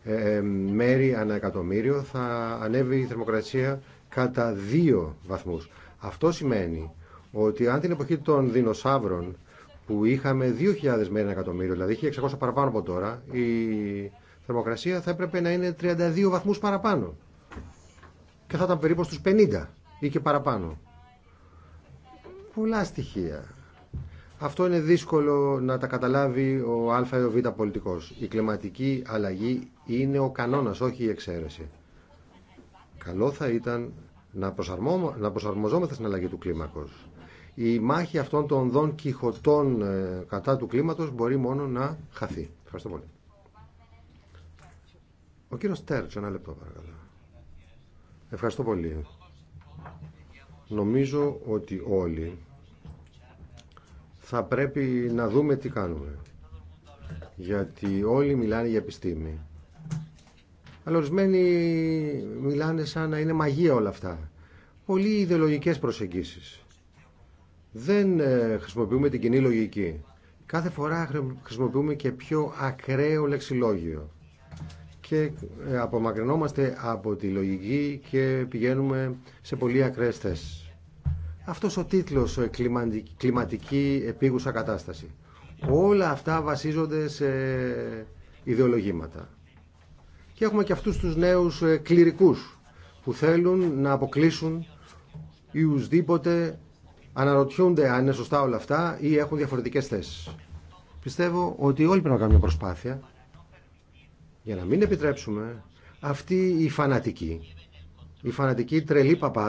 ε, ε, μέρη ανά εκατομμύριο θα ανέβει η θερμοκρασία κατά 2 βαθμούς. Αυτό σημαίνει ότι αν την εποχή των δεινοσαύρων που είχαμε 2.000 μέρη ανά εκατομμύριο, δηλαδή 1.600 παραπάνω από τώρα, η θερμοκρασία θα έπρεπε να είναι 32 βαθμούς παραπάνω. Και θα ήταν περίπου στους 50 ή και παραπάνω. Πολλά στοιχεία αυτό είναι δύσκολο να τα καταλάβει ο α ή ο β πολιτικός. Η κλιματική αλλαγή είναι ο κανόνας, όχι η εξαίρεση. Καλό θα ήταν να, προσαρμο... να προσαρμοζόμαστε στην αλλαγή του κλίμακος. Η μάχη αυτών των δών κυχωτών ε, κατά του κλίματος μπορεί μόνο να χαθεί. Ευχαριστώ πολύ. Ο κύριο Τέρτ, ένα λεπτό παρακαλώ. Ευχαριστώ πολύ. Νομίζω ότι όλοι θα πρέπει να δούμε τι κάνουμε. Γιατί όλοι μιλάνε για επιστήμη. Αλλά ορισμένοι μιλάνε σαν να είναι μαγεία όλα αυτά. Πολύ ιδεολογικές προσεγγίσεις. Δεν ε, χρησιμοποιούμε την κοινή λογική. Κάθε φορά χρησιμοποιούμε και πιο ακραίο λεξιλόγιο. Και ε, απομακρυνόμαστε από τη λογική και πηγαίνουμε σε πολύ ακραίες θέσεις. Αυτός ο τίτλος ε, «Κλιματική επίγουσα κατάσταση». Όλα αυτά βασίζονται σε ιδεολογήματα. Και έχουμε και αυτούς τους νέους ε, κληρικούς που θέλουν να αποκλείσουν ή ουσδήποτε αναρωτιούνται αν είναι σωστά όλα αυτά ή έχουν διαφορετικές θέσεις. Πιστεύω ότι όλοι πρέπει να κάνουμε προσπάθεια για να μην επιτρέψουμε αυτή η φανατική, η φανατική τρελή παπά